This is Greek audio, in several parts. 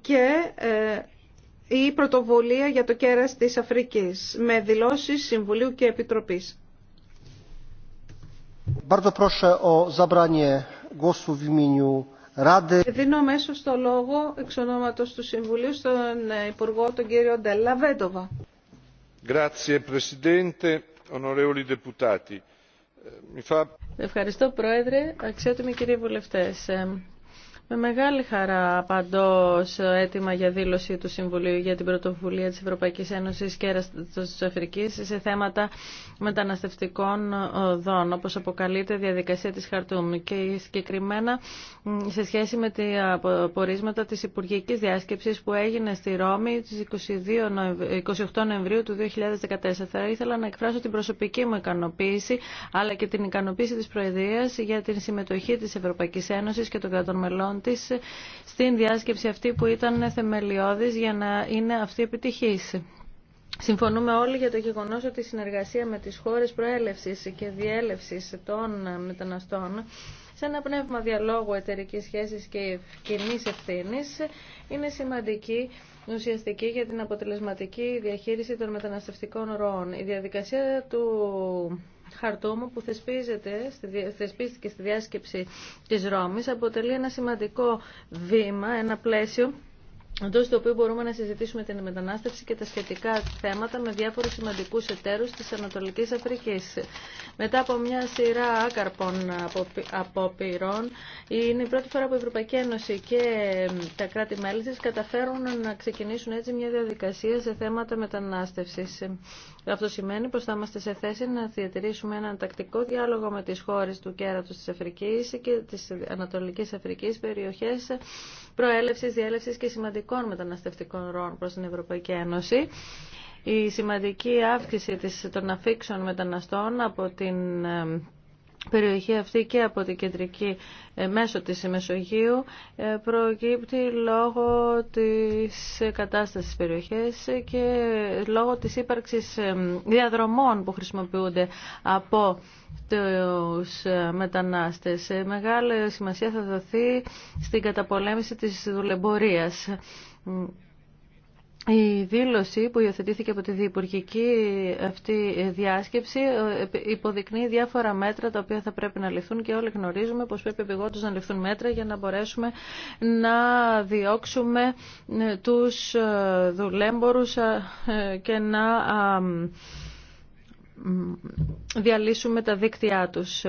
και ε, η πρωτοβουλία για το κέρας της Αφρικής με δηλώσεις Συμβουλίου και Επιτροπής. Δίνω μέσω στο λόγο εξ ονόματος του Συμβουλίου στον ε, Υπουργό τον κύριο Ντελα Βέντοβα. Ε, Ευχαριστώ Πρόεδρε, αξιότιμοι κύριοι βουλευτές. Με μεγάλη χαρά απαντώ σε αίτημα για δήλωση του Συμβουλίου για την πρωτοβουλία της Ευρωπαϊκής Ένωσης και της Αφρικής σε θέματα μεταναστευτικών οδών, όπως αποκαλείται διαδικασία της Χαρτούμ και συγκεκριμένα σε σχέση με τα πορίσματα της Υπουργικής Διάσκεψης που έγινε στη Ρώμη στις 28 Νοεμβρίου του 2014. Θα ήθελα να εκφράσω την προσωπική μου ικανοποίηση, αλλά και την ικανοποίηση της Προεδρίας για την συμμετοχή της Ευρωπαϊκής Ένωσης και των κρατών μελών στην διάσκεψη αυτή που ήταν θεμελιώδης για να είναι αυτή επιτυχής. Συμφωνούμε όλοι για το γεγονό ότι η συνεργασία με τι χώρε προέλευση και διέλευση των μεταναστών σε ένα πνεύμα διαλόγου εταιρική σχέση και κοινή ευθύνη είναι σημαντική ουσιαστική για την αποτελεσματική διαχείριση των μεταναστευτικών ροών. Η διαδικασία του χαρτόμο, που θεσπίζεται, θεσπίστηκε στη διάσκεψη της Ρώμης αποτελεί ένα σημαντικό βήμα, ένα πλαίσιο εντό του οποίου μπορούμε να συζητήσουμε την μετανάστευση και τα σχετικά θέματα με διάφορου σημαντικού εταίρου τη Ανατολική Αφρική. Μετά από μια σειρά άκαρπων απόπειρων, είναι η πρώτη φορά που η Ευρωπαϊκή Ένωση και τα κράτη-μέλη τη καταφέρουν να ξεκινήσουν έτσι μια διαδικασία σε θέματα μετανάστευση. Αυτό σημαίνει πω θα είμαστε σε θέση να διατηρήσουμε έναν τακτικό διάλογο με τι χώρε του κέρατο τη Αφρική και τη Ανατολική Αφρική περιοχέ Προέλευση, διέλευση και σημαντικών μεταναστευτικών ροών προς την Ευρωπαϊκή Ένωση. Η σημαντική αύξηση των αφήξεων μεταναστών από την ε, περιοχή αυτή και από την κεντρική ε, μέσω της Μεσογείου ε, προκύπτει λόγω της κατάστασης της περιοχής και λόγω της ύπαρξης ε, διαδρομών που χρησιμοποιούνται από τους μετανάστες. Μεγάλη σημασία θα δοθεί στην καταπολέμηση της δουλεμπορίας. Η δήλωση που υιοθετήθηκε από τη διεπουργική αυτή διάσκεψη ε, υποδεικνύει διάφορα μέτρα τα οποία θα πρέπει να ληφθούν και όλοι γνωρίζουμε πως πρέπει επιγόντως να ληφθούν μέτρα για να μπορέσουμε να διώξουμε ε, τους ε, δουλέμπορους και να διαλύσουμε τα δίκτυά τους.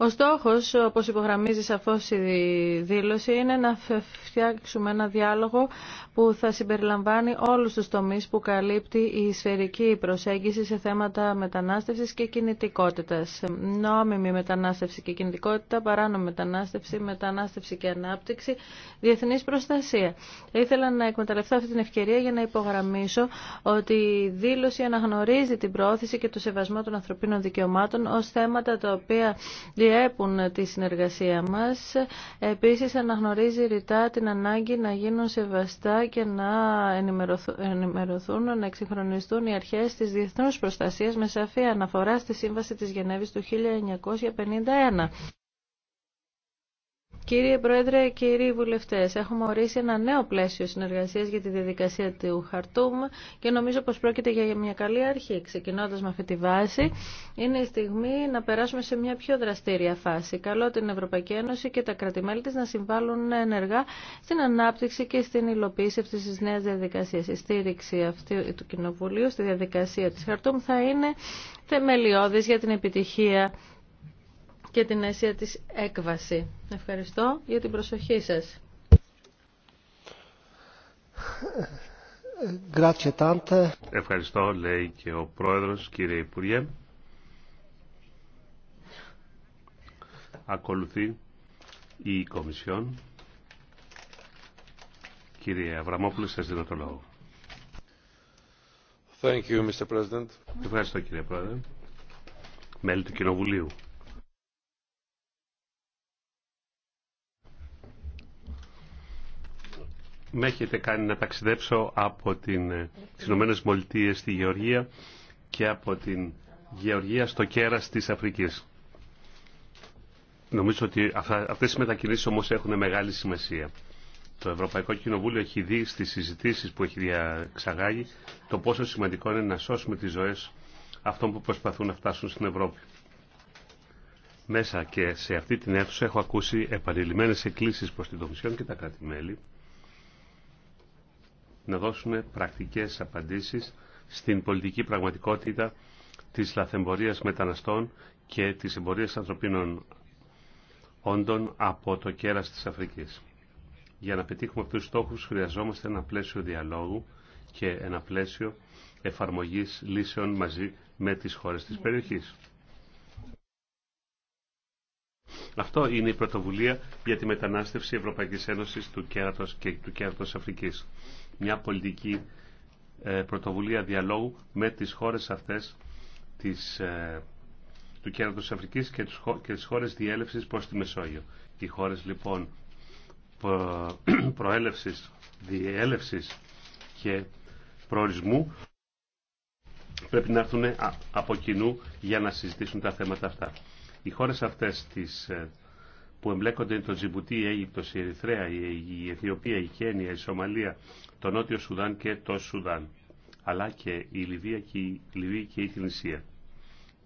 Ο στόχο, όπω υπογραμμίζει σαφώ η δήλωση, είναι να φτιάξουμε ένα διάλογο που θα συμπεριλαμβάνει όλου του τομεί που καλύπτει η σφαιρική προσέγγιση σε θέματα μετανάστευση και κινητικότητα. Νόμιμη μετανάστευση και κινητικότητα, παράνομη μετανάστευση, μετανάστευση και ανάπτυξη, διεθνή προστασία. ήθελα να εκμεταλλευτώ αυτή την ευκαιρία για να υπογραμμίσω ότι η δήλωση αναγνωρίζει την προώθηση και το σεβασμό των ανθρωπίνων δικαιωμάτων ω θέματα τα οποία διέπουν τη συνεργασία μας. Επίσης αναγνωρίζει ρητά την ανάγκη να γίνουν σεβαστά και να ενημερωθούν, να εξυγχρονιστούν οι αρχές της διεθνούς προστασίας με σαφή αναφορά στη Σύμβαση της Γενέβης του 1951. Κύριε Πρόεδρε, κύριοι βουλευτέ, έχουμε ορίσει ένα νέο πλαίσιο συνεργασία για τη διαδικασία του Χαρτούμ και νομίζω πω πρόκειται για μια καλή αρχή. Ξεκινώντα με αυτή τη βάση, είναι η στιγμή να περάσουμε σε μια πιο δραστήρια φάση. Καλό την Ευρωπαϊκή Ένωση και τα κρατημέλη τη να συμβάλλουν ενεργά στην ανάπτυξη και στην υλοποίηση αυτή τη νέα διαδικασία. Η στήριξη αυτή του Κοινοβουλίου στη διαδικασία τη Χαρτούμ θα είναι θεμελιώδη για την επιτυχία και την αίσια της έκβαση. Ευχαριστώ για την προσοχή σας. Ευχαριστώ, λέει και ο Πρόεδρος, κύριε Υπουργέ. Ακολουθεί η Κομισιόν. Κύριε Αβραμόπουλος, σας δίνω το λόγο. Thank you, Mr. President. Ευχαριστώ, κύριε Πρόεδρε. Μέλη του Κοινοβουλίου. με έχετε κάνει να ταξιδέψω από την, τις Ηνωμένες στη Γεωργία και από την Γεωργία στο κέρας της Αφρικής. Νομίζω ότι αυτές οι μετακινήσεις όμως έχουν μεγάλη σημασία. Το Ευρωπαϊκό Κοινοβούλιο έχει δει στις συζητήσεις που έχει διαξαγάγει το πόσο σημαντικό είναι να σώσουμε τις ζωές αυτών που προσπαθούν να φτάσουν στην Ευρώπη. Μέσα και σε αυτή την αίθουσα έχω ακούσει επανειλημμένες εκκλήσεις προς την Κομισιόν και τα κράτη-μέλη να δώσουν πρακτικές απαντήσεις στην πολιτική πραγματικότητα της λαθεμπορίας μεταναστών και της εμπορίας ανθρωπίνων όντων από το κέρας της Αφρικής. Για να πετύχουμε αυτούς τους στόχους χρειαζόμαστε ένα πλαίσιο διαλόγου και ένα πλαίσιο εφαρμογής λύσεων μαζί με τις χώρες της περιοχής. Αυτό είναι η πρωτοβουλία για τη μετανάστευση Ευρωπαϊκής Ένωσης του κέρατος και του κέρατος Αφρικής μια πολιτική ε, πρωτοβουλία διαλόγου με τις χώρες αυτές της, ε, του κέρατος Αφρικής και, τους, και τις χώρες διέλευσης προς τη Μεσόγειο. Οι χώρες λοιπόν προέλευσης, διέλευσης και προορισμού πρέπει να έρθουν από κοινού για να συζητήσουν τα θέματα αυτά. Οι χώρες αυτές τις, ε, που εμπλέκονται είναι το Τζιμπουτί, η Αίγυπτος, η Ερυθρέα, η Αιθιοπία, η Κένια, η Σομαλία, το Νότιο Σουδάν και το Σουδάν, αλλά και η Λιβύη και η, Λιβύη και η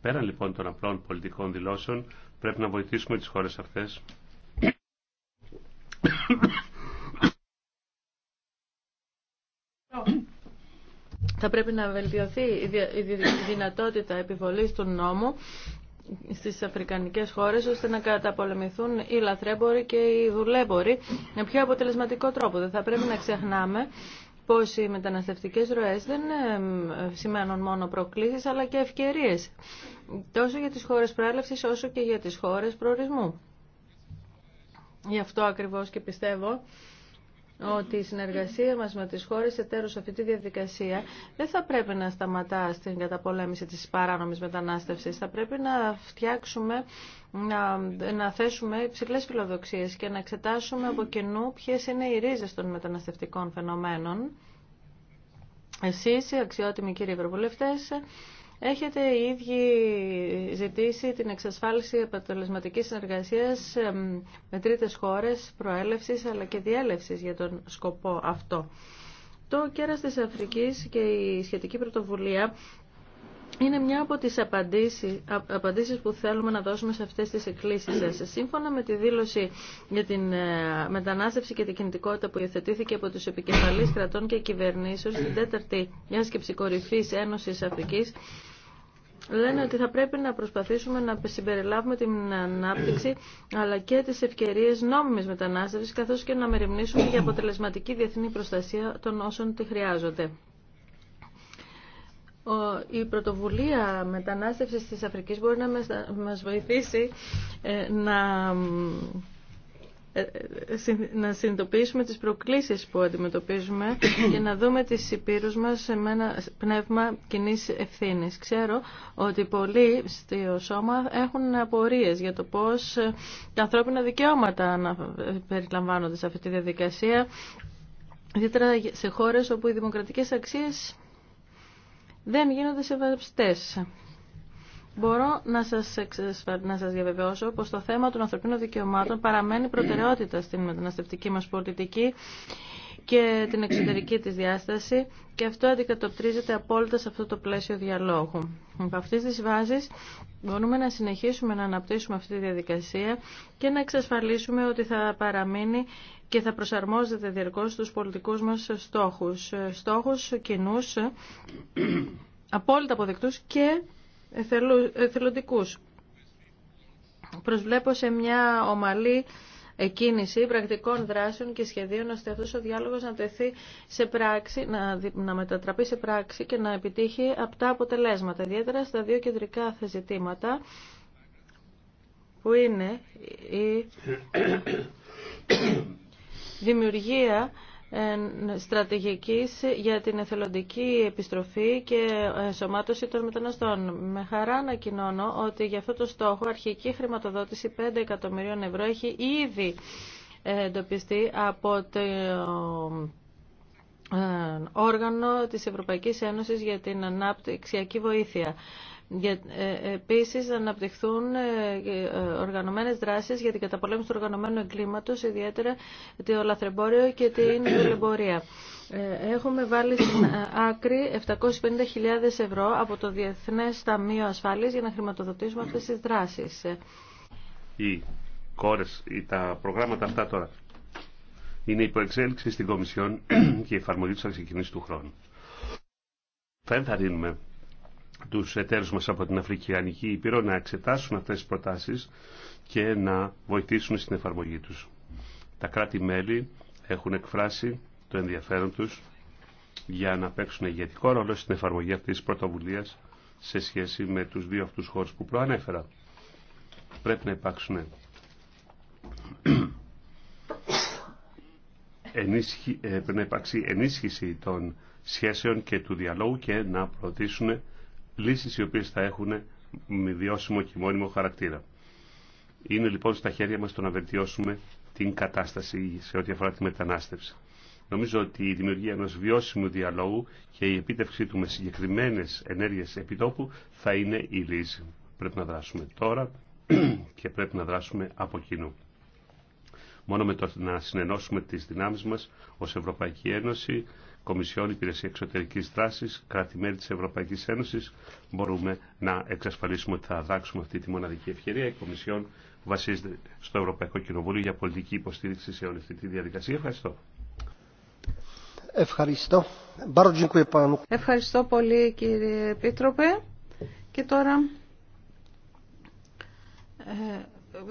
Πέραν λοιπόν των απλών πολιτικών δηλώσεων, πρέπει να βοηθήσουμε τις χώρες αυτές θα πρέπει να βελτιωθεί η δυνατότητα επιβολής του νόμου στις αφρικανικές χώρες ώστε να καταπολεμηθούν οι λαθρέμποροι και οι δουλέμποροι με πιο αποτελεσματικό τρόπο. Δεν θα πρέπει να ξεχνάμε πως οι μεταναστευτικές ροές δεν ε, σημαίνουν μόνο προκλήσεις αλλά και ευκαιρίες τόσο για τις χώρες προέλευσης όσο και για τις χώρες προορισμού. Γι' αυτό ακριβώς και πιστεύω ότι η συνεργασία μας με τις χώρες εταίρου σε αυτή τη διαδικασία δεν θα πρέπει να σταματά στην καταπολέμηση της παράνομης μετανάστευσης. Θα πρέπει να φτιάξουμε, να, να θέσουμε ψηλές φιλοδοξίες και να εξετάσουμε από κοινού ποιε είναι οι ρίζες των μεταναστευτικών φαινομένων. Εσείς, οι αξιότιμοι κύριοι Ευρωβουλευτές, Έχετε οι ίδιοι ζητήσει την εξασφάλιση επατολισματικής συνεργασία με τρίτε χώρε προέλευση, αλλά και διέλευση για τον σκοπό αυτό. Το κέρας της Αφρικής και η σχετική πρωτοβουλία είναι μια από τις απαντήσεις, που θέλουμε να δώσουμε σε αυτές τις εκκλήσεις σας. Σύμφωνα με τη δήλωση για την ε, μετανάστευση και την κινητικότητα που υιοθετήθηκε από τους επικεφαλείς κρατών και κυβερνήσεων στην τέταρτη σκέψη κορυφή Ένωσης Αφρικής, λένε ότι θα πρέπει να προσπαθήσουμε να συμπεριλάβουμε την ανάπτυξη αλλά και τις ευκαιρίες νόμιμης μετανάστευσης καθώς και να μεριμνήσουμε για αποτελεσματική διεθνή προστασία των όσων τη χρειάζονται. Η πρωτοβουλία μετανάστευσης της Αφρικής μπορεί να μας βοηθήσει ε, να να συνειδητοποιήσουμε τις προκλήσεις που αντιμετωπίζουμε και να δούμε τις υπήρους μας σε ένα πνεύμα κοινή ευθύνη. Ξέρω ότι πολλοί στο σώμα έχουν απορίες για το πώς τα ανθρώπινα δικαιώματα να περιλαμβάνονται σε αυτή τη διαδικασία, ιδιαίτερα σε χώρες όπου οι δημοκρατικές αξίες δεν γίνονται σεβαστές. Μπορώ να σα να σας διαβεβαιώσω πως το θέμα των ανθρωπίνων δικαιωμάτων παραμένει προτεραιότητα στην μεταναστευτική μα πολιτική και την εξωτερική της διάσταση και αυτό αντικατοπτρίζεται απόλυτα σε αυτό το πλαίσιο διαλόγου. Από αυτή τη βάση μπορούμε να συνεχίσουμε να αναπτύσσουμε αυτή τη διαδικασία και να εξασφαλίσουμε ότι θα παραμείνει και θα προσαρμόζεται διαρκώς στους πολιτικούς μας στόχους. Στόχους κοινούς, απόλυτα αποδεκτούς και εθελοντικούς. Προσβλέπω σε μια ομαλή κίνηση πρακτικών δράσεων και σχεδίων ώστε αυτό ο διάλογος να τεθεί σε πράξη, να, να μετατραπεί σε πράξη και να επιτύχει απτά αποτελέσματα, ιδιαίτερα στα δύο κεντρικά θεζητήματα που είναι η δημιουργία στρατηγικής για την εθελοντική επιστροφή και ενσωμάτωση των μεταναστών. Με χαρά ανακοινώνω ότι για αυτό το στόχο αρχική χρηματοδότηση 5 εκατομμυρίων ευρώ έχει ήδη εντοπιστεί από το ε, όργανο της Ευρωπαϊκής Ένωσης για την αναπτυξιακή βοήθεια επίση επίσης να αναπτυχθούν ε, ε, οργανωμένες δράσεις για την καταπολέμηση του οργανωμένου εγκλήματος, ιδιαίτερα το λαθρεμπόριο και την δουλεμπορία. Ε, έχουμε βάλει στην άκρη 750.000 ευρώ από το Διεθνές Ταμείο Ασφάλειας για να χρηματοδοτήσουμε αυτές τις δράσεις. Οι κόρες, τα προγράμματα αυτά τώρα είναι η στην Κομισιόν και η εφαρμογή του θα ξεκινήσει του χρόνου. Θα ενθαρρύνουμε τους εταίρου μα από την Αφρικανική Ήπειρο να εξετάσουν αυτές τις προτάσει και να βοηθήσουν στην εφαρμογή τους. Τα κράτη-μέλη έχουν εκφράσει το ενδιαφέρον τους για να παίξουν ηγετικό ρόλο στην εφαρμογή αυτή τη πρωτοβουλίας σε σχέση με τους δύο αυτού χώρους που προανέφερα. Πρέπει να υπάρξουν ε, ενίσχυση των σχέσεων και του διαλόγου και να προωθήσουν λύσεις οι οποίες θα έχουν με βιώσιμο και μόνιμο χαρακτήρα. Είναι λοιπόν στα χέρια μας το να βελτιώσουμε την κατάσταση σε ό,τι αφορά τη μετανάστευση. Νομίζω ότι η δημιουργία ενός βιώσιμου διαλόγου και η επίτευξή του με συγκεκριμένες ενέργειες επιτόπου θα είναι η λύση. Πρέπει να δράσουμε τώρα και πρέπει να δράσουμε από κοινού. Μόνο με το να συνενώσουμε τις δυνάμεις μας ως Ευρωπαϊκή Ένωση Κομισιόν, Υπηρεσία Εξωτερική Δράση, κράτη-μέλη τη Ευρωπαϊκή Ένωση, μπορούμε να εξασφαλίσουμε ότι θα δάξουμε αυτή τη μοναδική ευκαιρία. Η Κομισιόν βασίζεται στο Ευρωπαϊκό Κοινοβούλιο για πολιτική υποστήριξη σε όλη αυτή τη διαδικασία. Ευχαριστώ. Ευχαριστώ. Ευχαριστώ πολύ κύριε Επίτροπε. Και τώρα ε,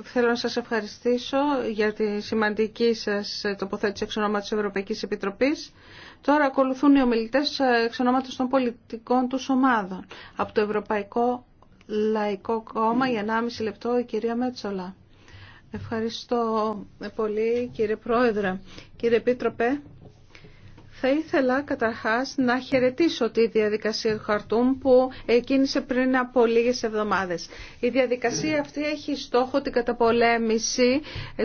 θέλω να σας ευχαριστήσω για τη σημαντική σας τοποθέτηση εξ ονόματος της Ευρωπαϊκής Επιτροπής. Τώρα ακολουθούν οι ομιλητές εξ ονόματος των πολιτικών του ομάδων. Από το Ευρωπαϊκό Λαϊκό Κόμμα για 1,5 λεπτό η κυρία Μέτσολα. Ευχαριστώ πολύ κύριε Πρόεδρε. Κύριε Επίτροπε, θα ήθελα καταρχάς να χαιρετήσω τη διαδικασία του Χαρτούμ που εκίνησε πριν από λίγες εβδομάδες. Η διαδικασία αυτή έχει στόχο την καταπολέμηση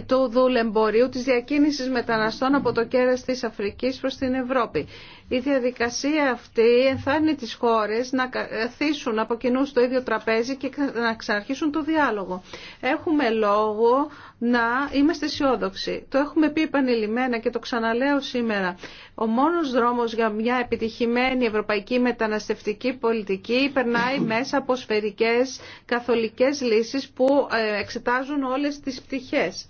του δουλεμπορίου, της διακίνησης μεταναστών από το κέρας της Αφρικής προς την Ευρώπη. Η διαδικασία αυτή ενθάρρυνει τις χώρες να καθίσουν από κοινού στο ίδιο τραπέζι και να ξαναρχίσουν το διάλογο. Έχουμε λόγο να είμαστε αισιόδοξοι. Το έχουμε πει επανειλημμένα και το ξαναλέω σήμερα. Ο μόνος δρόμος για μια επιτυχημένη ευρωπαϊκή μεταναστευτική πολιτική περνάει μέσα από σφαιρικές καθολικές λύσεις που ε, εξετάζουν όλες τις πτυχές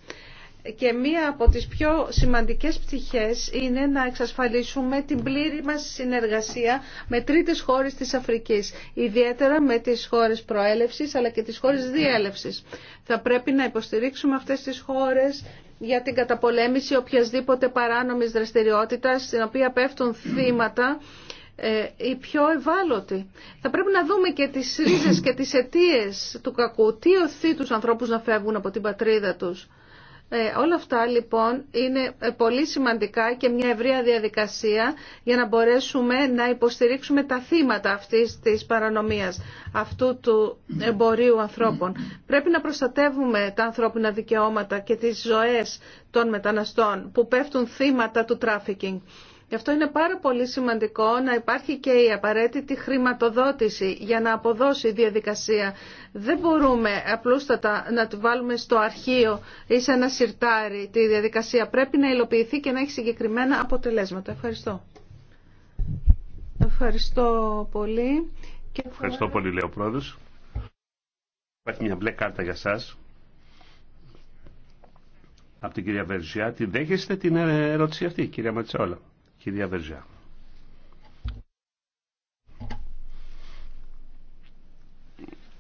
και μία από τις πιο σημαντικές πτυχές είναι να εξασφαλίσουμε την πλήρη μας συνεργασία με τρίτες χώρες της Αφρικής, ιδιαίτερα με τις χώρες προέλευσης αλλά και τις χώρες διέλευσης. Θα πρέπει να υποστηρίξουμε αυτές τις χώρες για την καταπολέμηση οποιασδήποτε παράνομης δραστηριότητας στην οποία πέφτουν θύματα ε, οι πιο ευάλωτοι. Θα πρέπει να δούμε και τις ρίζες και τις αιτίες του κακού. Τι οθεί τους ανθρώπους να φεύγουν από την πατρίδα τους. Ε, όλα αυτά λοιπόν είναι ε, πολύ σημαντικά και μια ευρεία διαδικασία για να μπορέσουμε να υποστηρίξουμε τα θύματα αυτής της παρανομίας, αυτού του εμπορίου ανθρώπων. Πρέπει να προστατεύουμε τα ανθρώπινα δικαιώματα και τις ζωές των μεταναστών που πέφτουν θύματα του τράφικινγκ. Γι' αυτό είναι πάρα πολύ σημαντικό να υπάρχει και η απαραίτητη χρηματοδότηση για να αποδώσει η διαδικασία. Δεν μπορούμε απλούστατα να τη βάλουμε στο αρχείο ή σε ένα σιρτάρι τη διαδικασία. Πρέπει να υλοποιηθεί και να έχει συγκεκριμένα αποτελέσματα. Ευχαριστώ. Ευχαριστώ πολύ. Και... Ευχαριστώ πολύ, λέει πρόεδρος. Υπάρχει μια μπλε κάρτα για σας. Από την κυρία Βερζιά. Τη δέχεστε την ε, ερώτηση αυτή, κυρία Ματσόλα. Κυρία Βερζιά.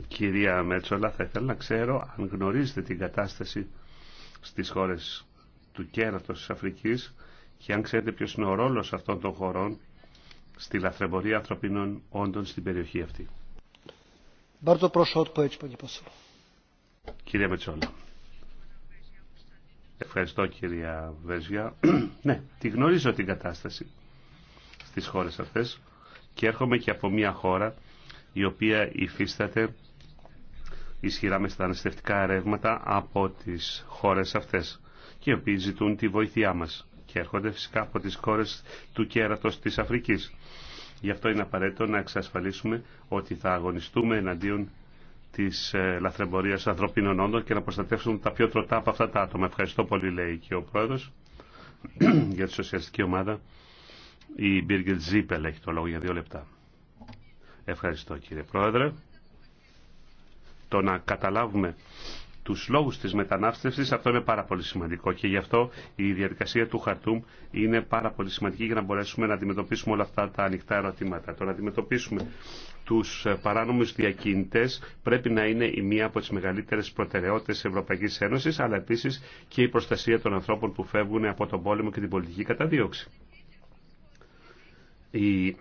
Κυρία Μέτσολα, θα ήθελα να ξέρω αν γνωρίζετε την κατάσταση στις χώρες του κέρατος της Αφρικής και αν ξέρετε ποιος είναι ο ρόλος αυτών των χωρών στη λαθρεμπορία ανθρωπίνων όντων στην περιοχή αυτή. Κυρία Μετσόλα. Ευχαριστώ κυρία Βέζια. ναι, τη γνωρίζω την κατάσταση στις χώρες αυτές και έρχομαι και από μια χώρα η οποία υφίσταται ισχυρά αναστευτικά ρεύματα από τις χώρες αυτές και οι οποίοι ζητούν τη βοήθειά μας και έρχονται φυσικά από τις χώρες του κέρατος της Αφρικής. Γι' αυτό είναι απαραίτητο να εξασφαλίσουμε ότι θα αγωνιστούμε εναντίον της ε, λαθρεμπορίας ανθρωπίνων όντων και να προστατεύσουν τα πιο τροτά από αυτά τα άτομα. Ευχαριστώ πολύ, λέει και ο Πρόεδρος για τη Σοσιαλιστική Ομάδα. Η Μπίργκετ Ζίπελ έχει το λόγο για δύο λεπτά. Ευχαριστώ κύριε Πρόεδρε. Το να καταλάβουμε τους λόγους της μετανάστευσης, αυτό είναι πάρα πολύ σημαντικό και γι' αυτό η διαδικασία του Χαρτούμ είναι πάρα πολύ σημαντική για να μπορέσουμε να αντιμετωπίσουμε όλα αυτά τα ανοιχτά ερωτήματα. Το να αντιμετωπίσουμε τους ε, παράνομους διακίνητες πρέπει να είναι η μία από τις μεγαλύτερες προτεραιότητες της Ευρωπαϊκής Ένωσης, αλλά επίσης και η προστασία των ανθρώπων που φεύγουν από τον πόλεμο και την πολιτική καταδίωξη. Η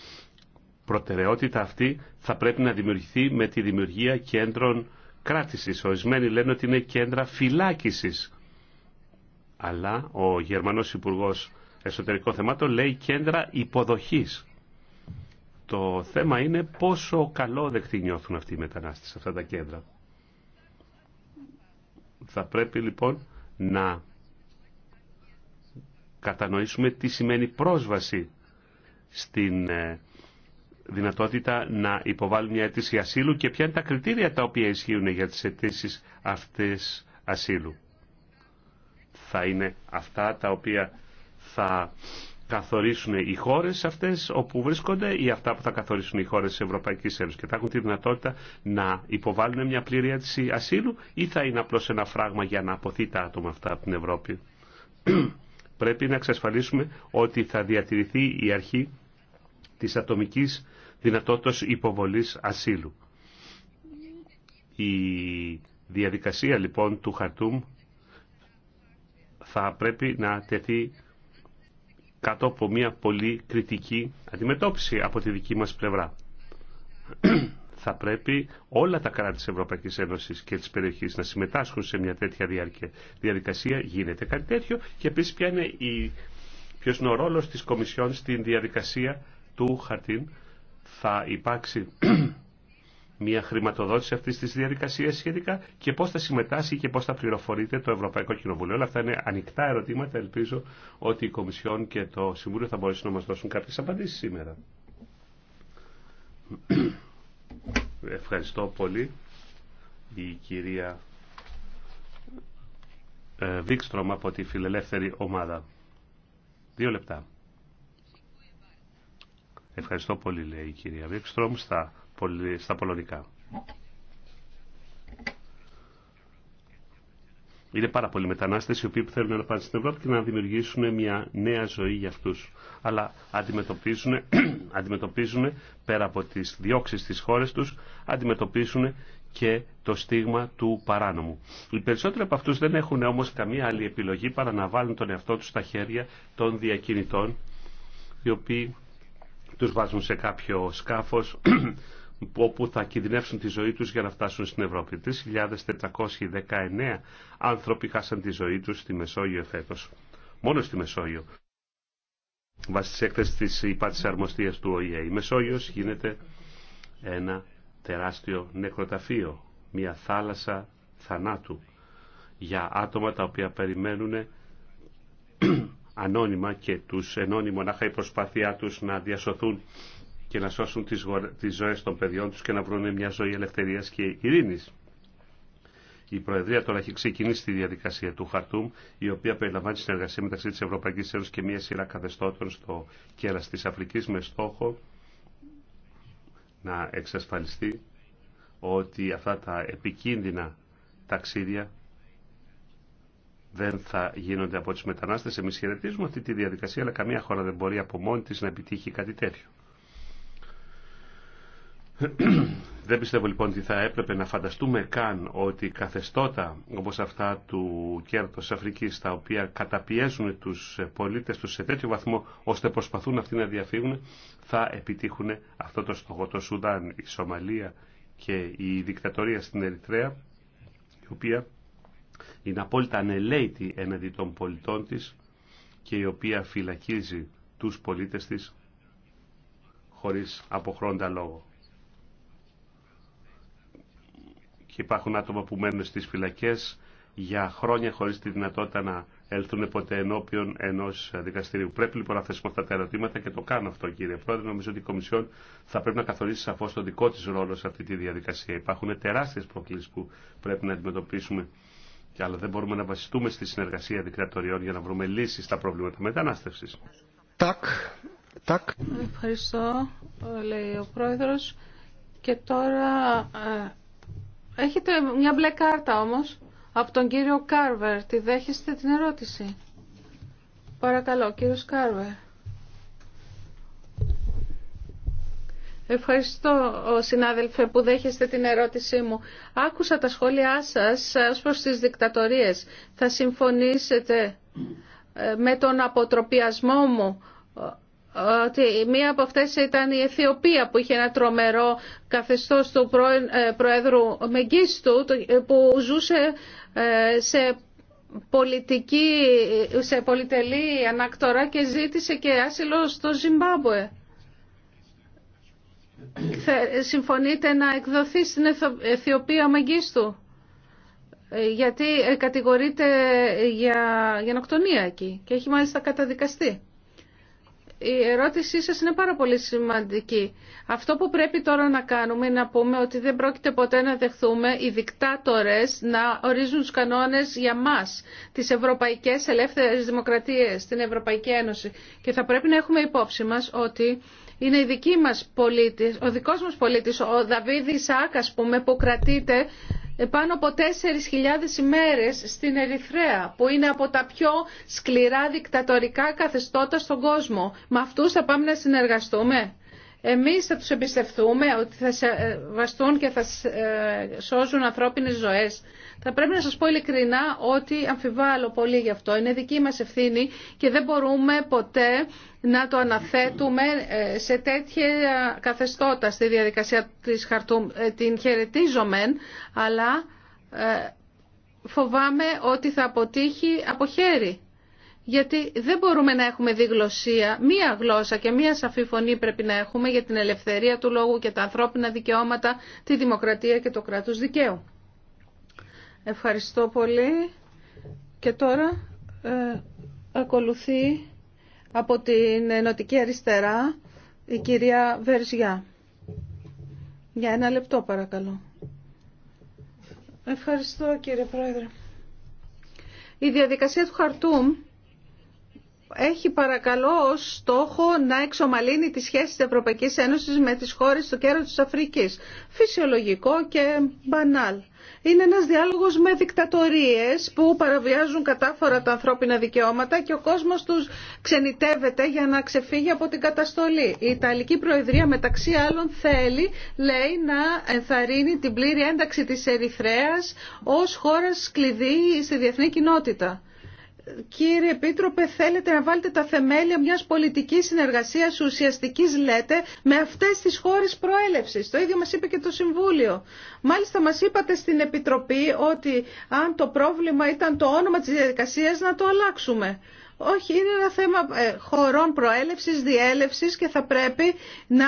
προτεραιότητα αυτή θα πρέπει να δημιουργηθεί με τη δημιουργία κέντρων κράτησης. Ορισμένοι λένε ότι είναι κέντρα φυλάκισης. Αλλά ο Γερμανός Υπουργός Εσωτερικών Θεμάτων λέει κέντρα υποδοχής. Το θέμα είναι πόσο καλό δεκτή νιώθουν αυτοί οι μετανάστες σε αυτά τα κέντρα. Θα πρέπει λοιπόν να κατανοήσουμε τι σημαίνει πρόσβαση στην ε, δυνατότητα να υποβάλουν μια αίτηση ασύλου και ποια είναι τα κριτήρια τα οποία ισχύουν για τις αιτήσει αυτές ασύλου. Θα είναι αυτά τα οποία θα καθορίσουν οι χώρες αυτές όπου βρίσκονται ή αυτά που θα καθορίσουν οι χώρες της Ευρωπαϊκής Ένωσης και θα έχουν τη δυνατότητα να υποβάλουν μια πλήρη αίτηση ασύλου ή θα είναι απλώς ένα φράγμα για να αποθεί τα άτομα αυτά από την Ευρώπη. Πρέπει να εξασφαλίσουμε ότι θα διατηρηθεί η αρχή της ατομικής δυνατότητας υποβολής ασύλου. Η διαδικασία λοιπόν του Χαρτούμ θα πρέπει να τεθεί κάτω από μια πολύ κριτική αντιμετώπιση από τη δική μας πλευρά. θα πρέπει όλα τα κράτη της Ευρωπαϊκής Ένωσης και της περιοχής να συμμετάσχουν σε μια τέτοια διαδικασία. Γίνεται κάτι τέτοιο και επίσης είναι ποιος είναι ο ρόλος της Κομισιόν στην διαδικασία του θα υπάρξει μια χρηματοδότηση αυτής της διαδικασία σχετικά και πώς θα συμμετάσχει και πώς θα πληροφορείται το Ευρωπαϊκό Κοινοβουλίο. Όλα αυτά είναι ανοιχτά ερωτήματα. Ελπίζω ότι η Κομισιόν και το Συμβούλιο θα μπορέσουν να μας δώσουν κάποιες απαντήσεις σήμερα. Ευχαριστώ πολύ η κυρία ε, Βίξτρομ από τη Φιλελεύθερη Ομάδα. Δύο λεπτά. Ευχαριστώ πολύ, λέει η κυρία Βίξτρομ, στα, στα πολωνικά. Είναι πάρα πολλοί μετανάστες οι οποίοι θέλουν να πάνε στην Ευρώπη και να δημιουργήσουν μια νέα ζωή για αυτούς. Αλλά αντιμετωπίζουν, αντιμετωπίζουν πέρα από τις διώξεις της χώρες τους, αντιμετωπίζουν και το στίγμα του παράνομου. Οι περισσότεροι από αυτούς δεν έχουν όμως καμία άλλη επιλογή παρά να βάλουν τον εαυτό τους στα χέρια των διακινητών, οι οποίοι τους βάζουν σε κάποιο σκάφος όπου θα κινδυνεύσουν τη ζωή τους για να φτάσουν στην Ευρώπη. 3.419 άνθρωποι χάσαν τη ζωή τους στη Μεσόγειο φέτος. Μόνο στη Μεσόγειο. Βάσει τι έκθεση τη υπάρξης αρμοστία του ΟΗΕ. Η Μεσόγειο γίνεται ένα τεράστιο νεκροταφείο. Μια θάλασσα θανάτου για άτομα τα οποία περιμένουν ανώνυμα και τους ενώνει μονάχα η προσπάθειά τους να διασωθούν και να σώσουν τις, τις ζωές των παιδιών τους και να βρουν μια ζωή ελευθερίας και ειρήνης. Η Προεδρία τώρα έχει ξεκινήσει τη διαδικασία του Χαρτούμ, η οποία περιλαμβάνει συνεργασία μεταξύ της Ευρωπαϊκής Ένωσης και μια σειρά καθεστώτων στο κέρας της Αφρικής με στόχο να εξασφαλιστεί ότι αυτά τα επικίνδυνα ταξίδια δεν θα γίνονται από τις μετανάστες. Εμείς χαιρετίζουμε αυτή τη διαδικασία, αλλά καμία χώρα δεν μπορεί από μόνη της να επιτύχει κάτι τέτοιο. δεν πιστεύω λοιπόν ότι θα έπρεπε να φανταστούμε καν ότι καθεστώτα όπως αυτά του κέρδους Αφρικής τα οποία καταπιέζουν τους πολίτες τους σε τέτοιο βαθμό ώστε προσπαθούν αυτοί να διαφύγουν θα επιτύχουν αυτό το στόχο. Το Σουδάν, η Σομαλία και η δικτατορία στην Ερυθρέα η οποία είναι απόλυτα ανελέητη έναντι των πολιτών της και η οποία φυλακίζει τους πολίτες της χωρίς αποχρόντα λόγο. Και υπάρχουν άτομα που μένουν στις φυλακές για χρόνια χωρίς τη δυνατότητα να έλθουν ποτέ ενώπιον ενός δικαστηρίου. Πρέπει λοιπόν να θέσουμε αυτά τα ερωτήματα και το κάνω αυτό κύριε Πρόεδρε. Νομίζω ότι η Κομισιόν θα πρέπει να καθορίσει σαφώς τον δικό της ρόλο σε αυτή τη διαδικασία. Υπάρχουν τεράστιες προκλήσεις που πρέπει να αντιμετωπίσουμε και αλλά δεν μπορούμε να βασιστούμε στη συνεργασία δικρατοριών για να βρούμε λύσεις στα προβλήματα μετανάστευσης. Τακ. Τακ. Ευχαριστώ, λέει ο Πρόεδρος. Και τώρα ε, έχετε μια μπλε κάρτα όμως από τον κύριο Κάρβερ. Τη δέχεστε την ερώτηση. Παρακαλώ, κύριος Κάρβερ. Ευχαριστώ, συνάδελφε, που δέχεστε την ερώτησή μου. Άκουσα τα σχόλιά σας ως προς τις δικτατορίες. Θα συμφωνήσετε ε, με τον αποτροπιασμό μου ότι μία από αυτές ήταν η Αιθιοπία που είχε ένα τρομερό καθεστώς του ε, Προέδρου Μεγκίστου ε, που ζούσε σε πολιτική, σε πολυτελή ανακτορά και ζήτησε και άσυλο στο Ζιμπάμπουε συμφωνείτε να εκδοθεί στην Αιθιοπία μαγιστού, Μαγκίστου ε, γιατί ε, κατηγορείται για γενοκτονία εκεί και έχει μάλιστα καταδικαστεί η ερώτησή σας είναι πάρα πολύ σημαντική. Αυτό που πρέπει τώρα να κάνουμε είναι να πούμε ότι δεν πρόκειται ποτέ να δεχθούμε οι δικτάτορες να ορίζουν τους κανόνες για μας, τις ευρωπαϊκές ελεύθερες δημοκρατίες, την Ευρωπαϊκή Ένωση. Και θα πρέπει να έχουμε υπόψη μας ότι είναι η δική μας πολίτης, ο δικός μας πολίτης, ο Δαβίδης Σάκ, πούμε, που κρατείται πάνω από 4.000 ημέρες στην Ερυθρέα, που είναι από τα πιο σκληρά δικτατορικά καθεστώτα στον κόσμο. Με αυτούς θα πάμε να συνεργαστούμε. Εμείς θα τους εμπιστευτούμε ότι θα ε, βαστούν και θα ε, σώζουν ανθρώπινες ζωές. Θα πρέπει να σας πω ειλικρινά ότι αμφιβάλλω πολύ γι' αυτό. Είναι δική μας ευθύνη και δεν μπορούμε ποτέ να το αναθέτουμε ε, σε τέτοια καθεστώτα στη διαδικασία της χαρτού. Την χαιρετίζομαι, αλλά φοβάμαι ότι θα αποτύχει από χέρι γιατί δεν μπορούμε να έχουμε διγλωσία, μία γλώσσα και μία σαφή φωνή πρέπει να έχουμε για την ελευθερία του λόγου και τα ανθρώπινα δικαιώματα, τη δημοκρατία και το κράτος δικαίου. Ευχαριστώ πολύ. Και τώρα ε, ακολουθεί από την Ενωτική Αριστερά η κυρία Βερζιά. Για ένα λεπτό παρακαλώ. Ευχαριστώ κύριε Πρόεδρε. Η διαδικασία του Χαρτούμ έχει παρακαλώ ως στόχο να εξομαλύνει τις σχέσεις της Ευρωπαϊκής Ένωσης με τις χώρες του κέρατος της Αφρικής. Φυσιολογικό και μπανάλ. Είναι ένας διάλογος με δικτατορίες που παραβιάζουν κατάφορα τα ανθρώπινα δικαιώματα και ο κόσμος τους ξενιτεύεται για να ξεφύγει από την καταστολή. Η Ιταλική Προεδρία μεταξύ άλλων θέλει, λέει, να ενθαρρύνει την πλήρη ένταξη της Ερυθρέας ως χώρας κλειδί στη διεθνή κοινότητα. Κύριε Επίτροπε, θέλετε να βάλετε τα θεμέλια μιας πολιτικής συνεργασίας ουσιαστικής, λέτε, με αυτές τις χώρες προέλευση. Το ίδιο μας είπε και το Συμβούλιο. Μάλιστα μας είπατε στην Επιτροπή ότι αν το πρόβλημα ήταν το όνομα της διαδικασίας να το αλλάξουμε. Όχι, είναι ένα θέμα ε, χωρών προέλευση, διέλευση και θα πρέπει να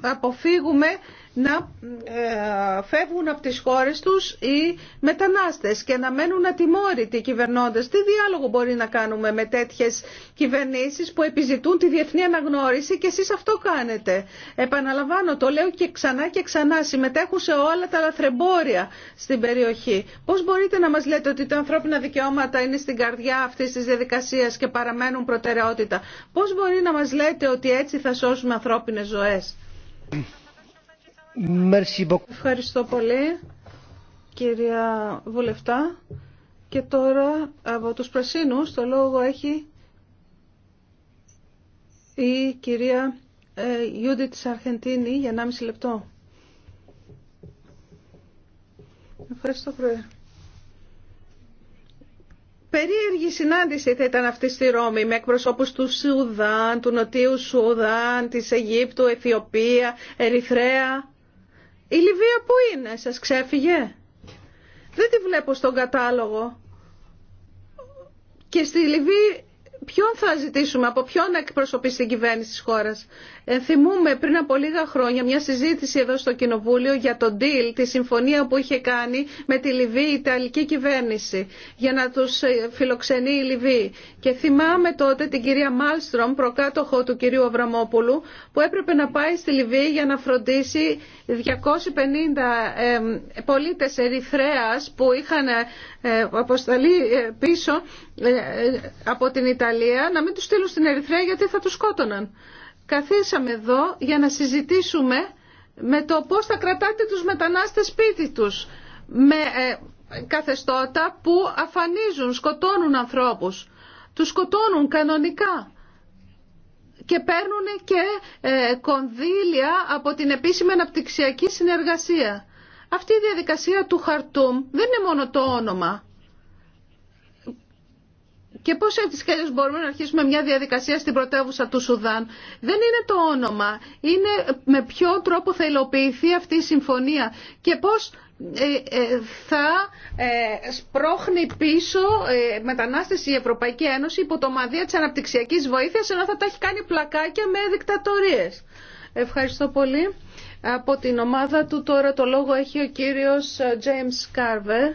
αποφύγουμε να ε, φεύγουν από τις χώρες τους οι μετανάστες και να μένουν ατιμόρυτοι οι κυβερνώντες. Τι διάλογο μπορεί να κάνουμε με τέτοιες κυβερνήσεις που επιζητούν τη διεθνή αναγνώριση και εσείς αυτό κάνετε. Επαναλαμβάνω, το λέω και ξανά και ξανά, συμμετέχουν σε όλα τα λαθρεμπόρια στην περιοχή. Πώς μπορείτε να μας λέτε ότι τα ανθρώπινα δικαιώματα είναι στην καρδιά αυτής της διαδικασίας και παραμένουν προτεραιότητα. Πώς μπορεί να μας λέτε ότι έτσι θα σώσουμε ανθρώπινες ζωές. Ευχαριστώ πολύ, κυρία Βουλευτά. Και τώρα από τους Πρασίνους το λόγο έχει η κυρία ε, Ιούντι της Αρχεντίνη για 1,5 λεπτό. Ευχαριστώ, Πρόεδρε. Περίεργη συνάντηση θα ήταν αυτή στη Ρώμη με εκπροσώπους του Σουδάν, του Νοτίου Σουδάν, της Αιγύπτου, Αιθιοπία, Ερυθρέα. Η Λιβύα που είναι, σας ξέφυγε. Δεν τη βλέπω στον κατάλογο. Και στη Λιβύη ποιον θα ζητήσουμε, από ποιον να εκπροσωπεί την κυβέρνηση της χώρας. Ε, θυμούμε πριν από λίγα χρόνια μια συζήτηση εδώ στο Κοινοβούλιο για τον deal, τη συμφωνία που είχε κάνει με τη Λιβύη η Ιταλική κυβέρνηση για να τους ε, φιλοξενεί η Λιβύη. Και θυμάμαι τότε την κυρία Μάλστρομ, προκάτοχο του κυρίου Αβραμόπουλου, που έπρεπε να πάει στη Λιβύη για να φροντίσει 250 πολίτες Ερυθρέας που είχαν ε, αποσταλεί πίσω από την Ιταλία να μην τους στείλουν στην Ερυθρέα γιατί θα τους σκότωναν καθίσαμε εδώ για να συζητήσουμε με το πώς θα κρατάτε τους μετανάστες σπίτι τους, με ε, καθεστώτα που αφανίζουν, σκοτώνουν ανθρώπους. Τους σκοτώνουν κανονικά και παίρνουν και ε, κονδύλια από την επίσημη αναπτυξιακή συνεργασία. Αυτή η διαδικασία του Χαρτούμ δεν είναι μόνο το όνομα. Και πώς έτσι και μπορούμε να αρχίσουμε μια διαδικασία στην πρωτεύουσα του Σουδάν. Δεν είναι το όνομα. Είναι με ποιο τρόπο θα υλοποιηθεί αυτή η συμφωνία και πώς ε, ε, θα ε, σπρώχνει πίσω μετανάστες η Ευρωπαϊκή Ένωση υπό το μαδία της αναπτυξιακής βοήθειας ενώ θα τα έχει κάνει πλακάκια με δικτατορίες. Ευχαριστώ πολύ. Από την ομάδα του τώρα το λόγο έχει ο κύριος James Carver.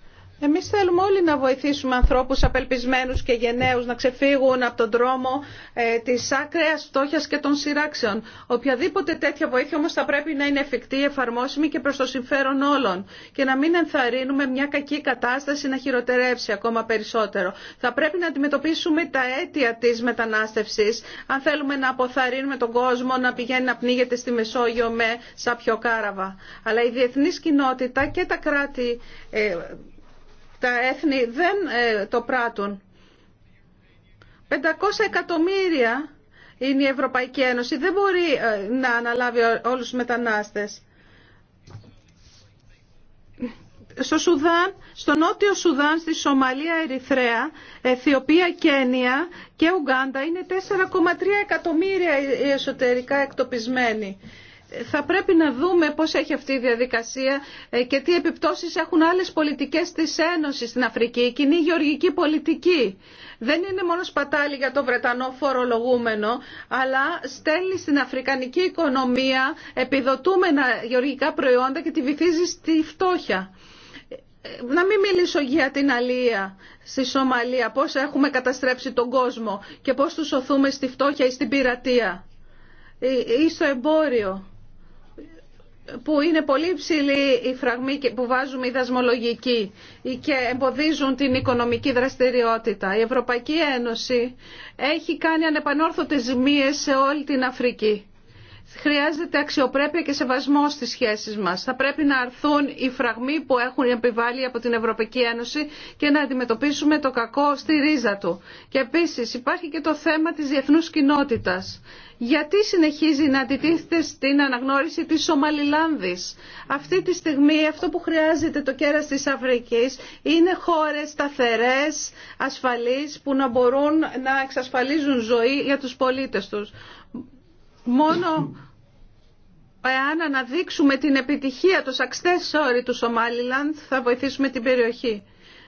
Εμείς θέλουμε όλοι να βοηθήσουμε ανθρώπους απελπισμένους και γενναίους να ξεφύγουν από τον δρόμο ε, της άκρεας φτώχειας και των σειράξεων. Οποιαδήποτε τέτοια βοήθεια όμως θα πρέπει να είναι εφικτή, εφαρμόσιμη και προς το συμφέρον όλων και να μην ενθαρρύνουμε μια κακή κατάσταση να χειροτερεύσει ακόμα περισσότερο. Θα πρέπει να αντιμετωπίσουμε τα αίτια της μετανάστευσης αν θέλουμε να αποθαρρύνουμε τον κόσμο να πηγαίνει να πνίγεται στη Μεσόγειο με σαπιοκάραβα. Αλλά η διεθνής κοινότητα και τα κράτη ε, τα έθνη δεν ε, το πράττουν. 500 εκατομμύρια είναι η Ευρωπαϊκή Ένωση. Δεν μπορεί ε, να αναλάβει όλους τους μετανάστες. Στο Σουδάν, στο νότιο Σουδάν, στη Σομαλία, Ερυθρέα, Αιθιοπία, Κένια και Ουγγάντα είναι 4,3 εκατομμύρια εσωτερικά εκτοπισμένοι θα πρέπει να δούμε πώς έχει αυτή η διαδικασία ε, και τι επιπτώσεις έχουν άλλες πολιτικές της Ένωσης στην Αφρική, η κοινή γεωργική πολιτική. Δεν είναι μόνο σπατάλη για το Βρετανό φορολογούμενο, αλλά στέλνει στην αφρικανική οικονομία επιδοτούμενα γεωργικά προϊόντα και τη βυθίζει στη φτώχεια. Ε, να μην μιλήσω για την αλία στη Σομαλία, πώς έχουμε καταστρέψει τον κόσμο και πώς τους σωθούμε στη φτώχεια ή στην πειρατεία ή στο εμπόριο που είναι πολύ υψηλή η φραγμή που βάζουμε οι δασμολογικοί και εμποδίζουν την οικονομική δραστηριότητα. Η Ευρωπαϊκή Ένωση έχει κάνει ανεπανόρθωτες ζημίες σε όλη την Αφρική χρειάζεται αξιοπρέπεια και σεβασμό στις σχέσεις μας. Θα πρέπει να αρθούν οι φραγμοί που έχουν επιβάλει από την Ευρωπαϊκή Ένωση και να αντιμετωπίσουμε το κακό στη ρίζα του. Και επίσης υπάρχει και το θέμα της διεθνούς κοινότητας. Γιατί συνεχίζει να αντιτίθεται στην αναγνώριση της Σομαλιλάνδης. Αυτή τη στιγμή αυτό που χρειάζεται το κέρας της Αφρικής είναι χώρες σταθερές, ασφαλείς που να μπορούν να εξασφαλίζουν ζωή για τους πολίτες τους μόνο εάν αναδείξουμε την επιτυχία του σαξτές του Σομάλιλαντ θα βοηθήσουμε την περιοχή.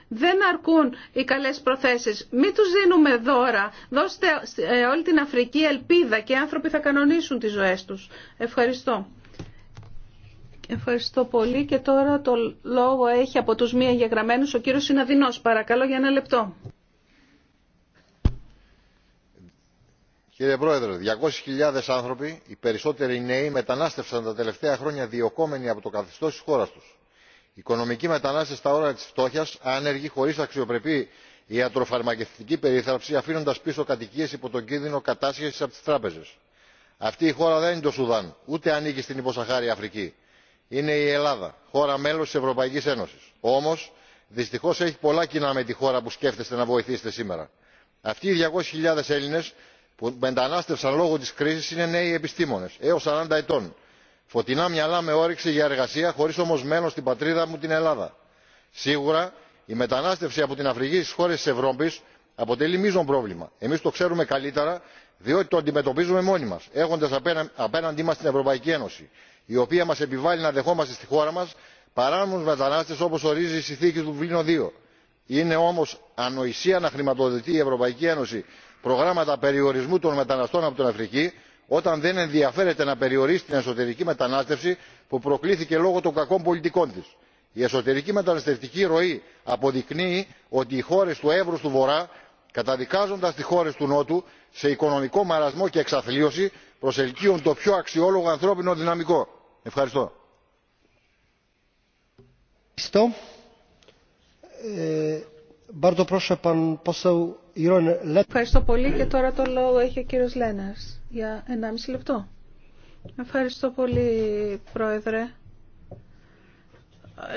Δεν αρκούν οι καλές προθέσεις. Μην τους δίνουμε δώρα. Δώστε ε, όλη την Αφρική ελπίδα και οι άνθρωποι θα κανονίσουν τις ζωές τους. Ευχαριστώ. Ευχαριστώ πολύ και τώρα το λόγο έχει από τους μία εγγεγραμμένους ο κύριος Συναδεινός. Παρακαλώ για ένα λεπτό. Κύριε Πρόεδρε, 200.000 άνθρωποι, οι περισσότεροι νέοι, μετανάστευσαν τα τελευταία χρόνια διωκόμενοι από το καθεστώ τη χώρα του. Οικονομικοί μετανάστε στα όρια τη φτώχεια, άνεργοι, χωρί αξιοπρεπή ιατροφαρμακευτική περίθαλψη, αφήνοντα πίσω κατοικίε υπό τον κίνδυνο κατάσχεση από τι τράπεζε. Αυτή η χώρα δεν είναι το Σουδάν, ούτε ανήκει στην Υποσαχάρη Αφρική. Είναι η Ελλάδα, χώρα μέλο τη Ευρωπαϊκή Ένωση. Όμω, δυστυχώ έχει πολλά κοινά με τη χώρα που σκέφτεστε να βοηθήσετε σήμερα. Αυτοί οι 200.000 Έλληνε που μετανάστευσαν λόγω της κρίσης είναι νέοι επιστήμονες έως 40 ετών. Φωτεινά μυαλά με όρεξη για εργασία χωρίς όμως μένο στην πατρίδα μου την Ελλάδα. Σίγουρα η μετανάστευση από την Αφρική στις χώρες της Ευρώπης αποτελεί μείζον πρόβλημα. Εμείς το ξέρουμε καλύτερα διότι το αντιμετωπίζουμε μόνοι μας έχοντας απέναντί μας την Ευρωπαϊκή Ένωση η οποία μας επιβάλλει να δεχόμαστε στη χώρα μας παράνομους μετανάστες όπως ορίζει η συνθήκη του Δουβλίνο 2. Είναι όμως ανοησία να χρηματοδοτεί η Ευρωπαϊκή Ένωση προγράμματα περιορισμού των μεταναστών από την αφρική όταν δεν ενδιαφέρεται να περιορίσει την εσωτερική μετανάστευση που προκλήθηκε λόγω των κακών πολιτικών τη. η εσωτερική μεταναστευτική ροή αποδεικνύει ότι οι χώρε του εύρου του βορρά καταδικάζοντα τι χώρε του νότου σε οικονομικό μαρασμό και εξαθλίωση προσελκύουν το πιο αξιόλογο ανθρώπινο δυναμικό. ευχαριστώ. Ε, Ευχαριστώ πολύ και τώρα το λόγο έχει ο κύριος Λένας για 1,5 λεπτό. Ευχαριστώ πολύ, Πρόεδρε.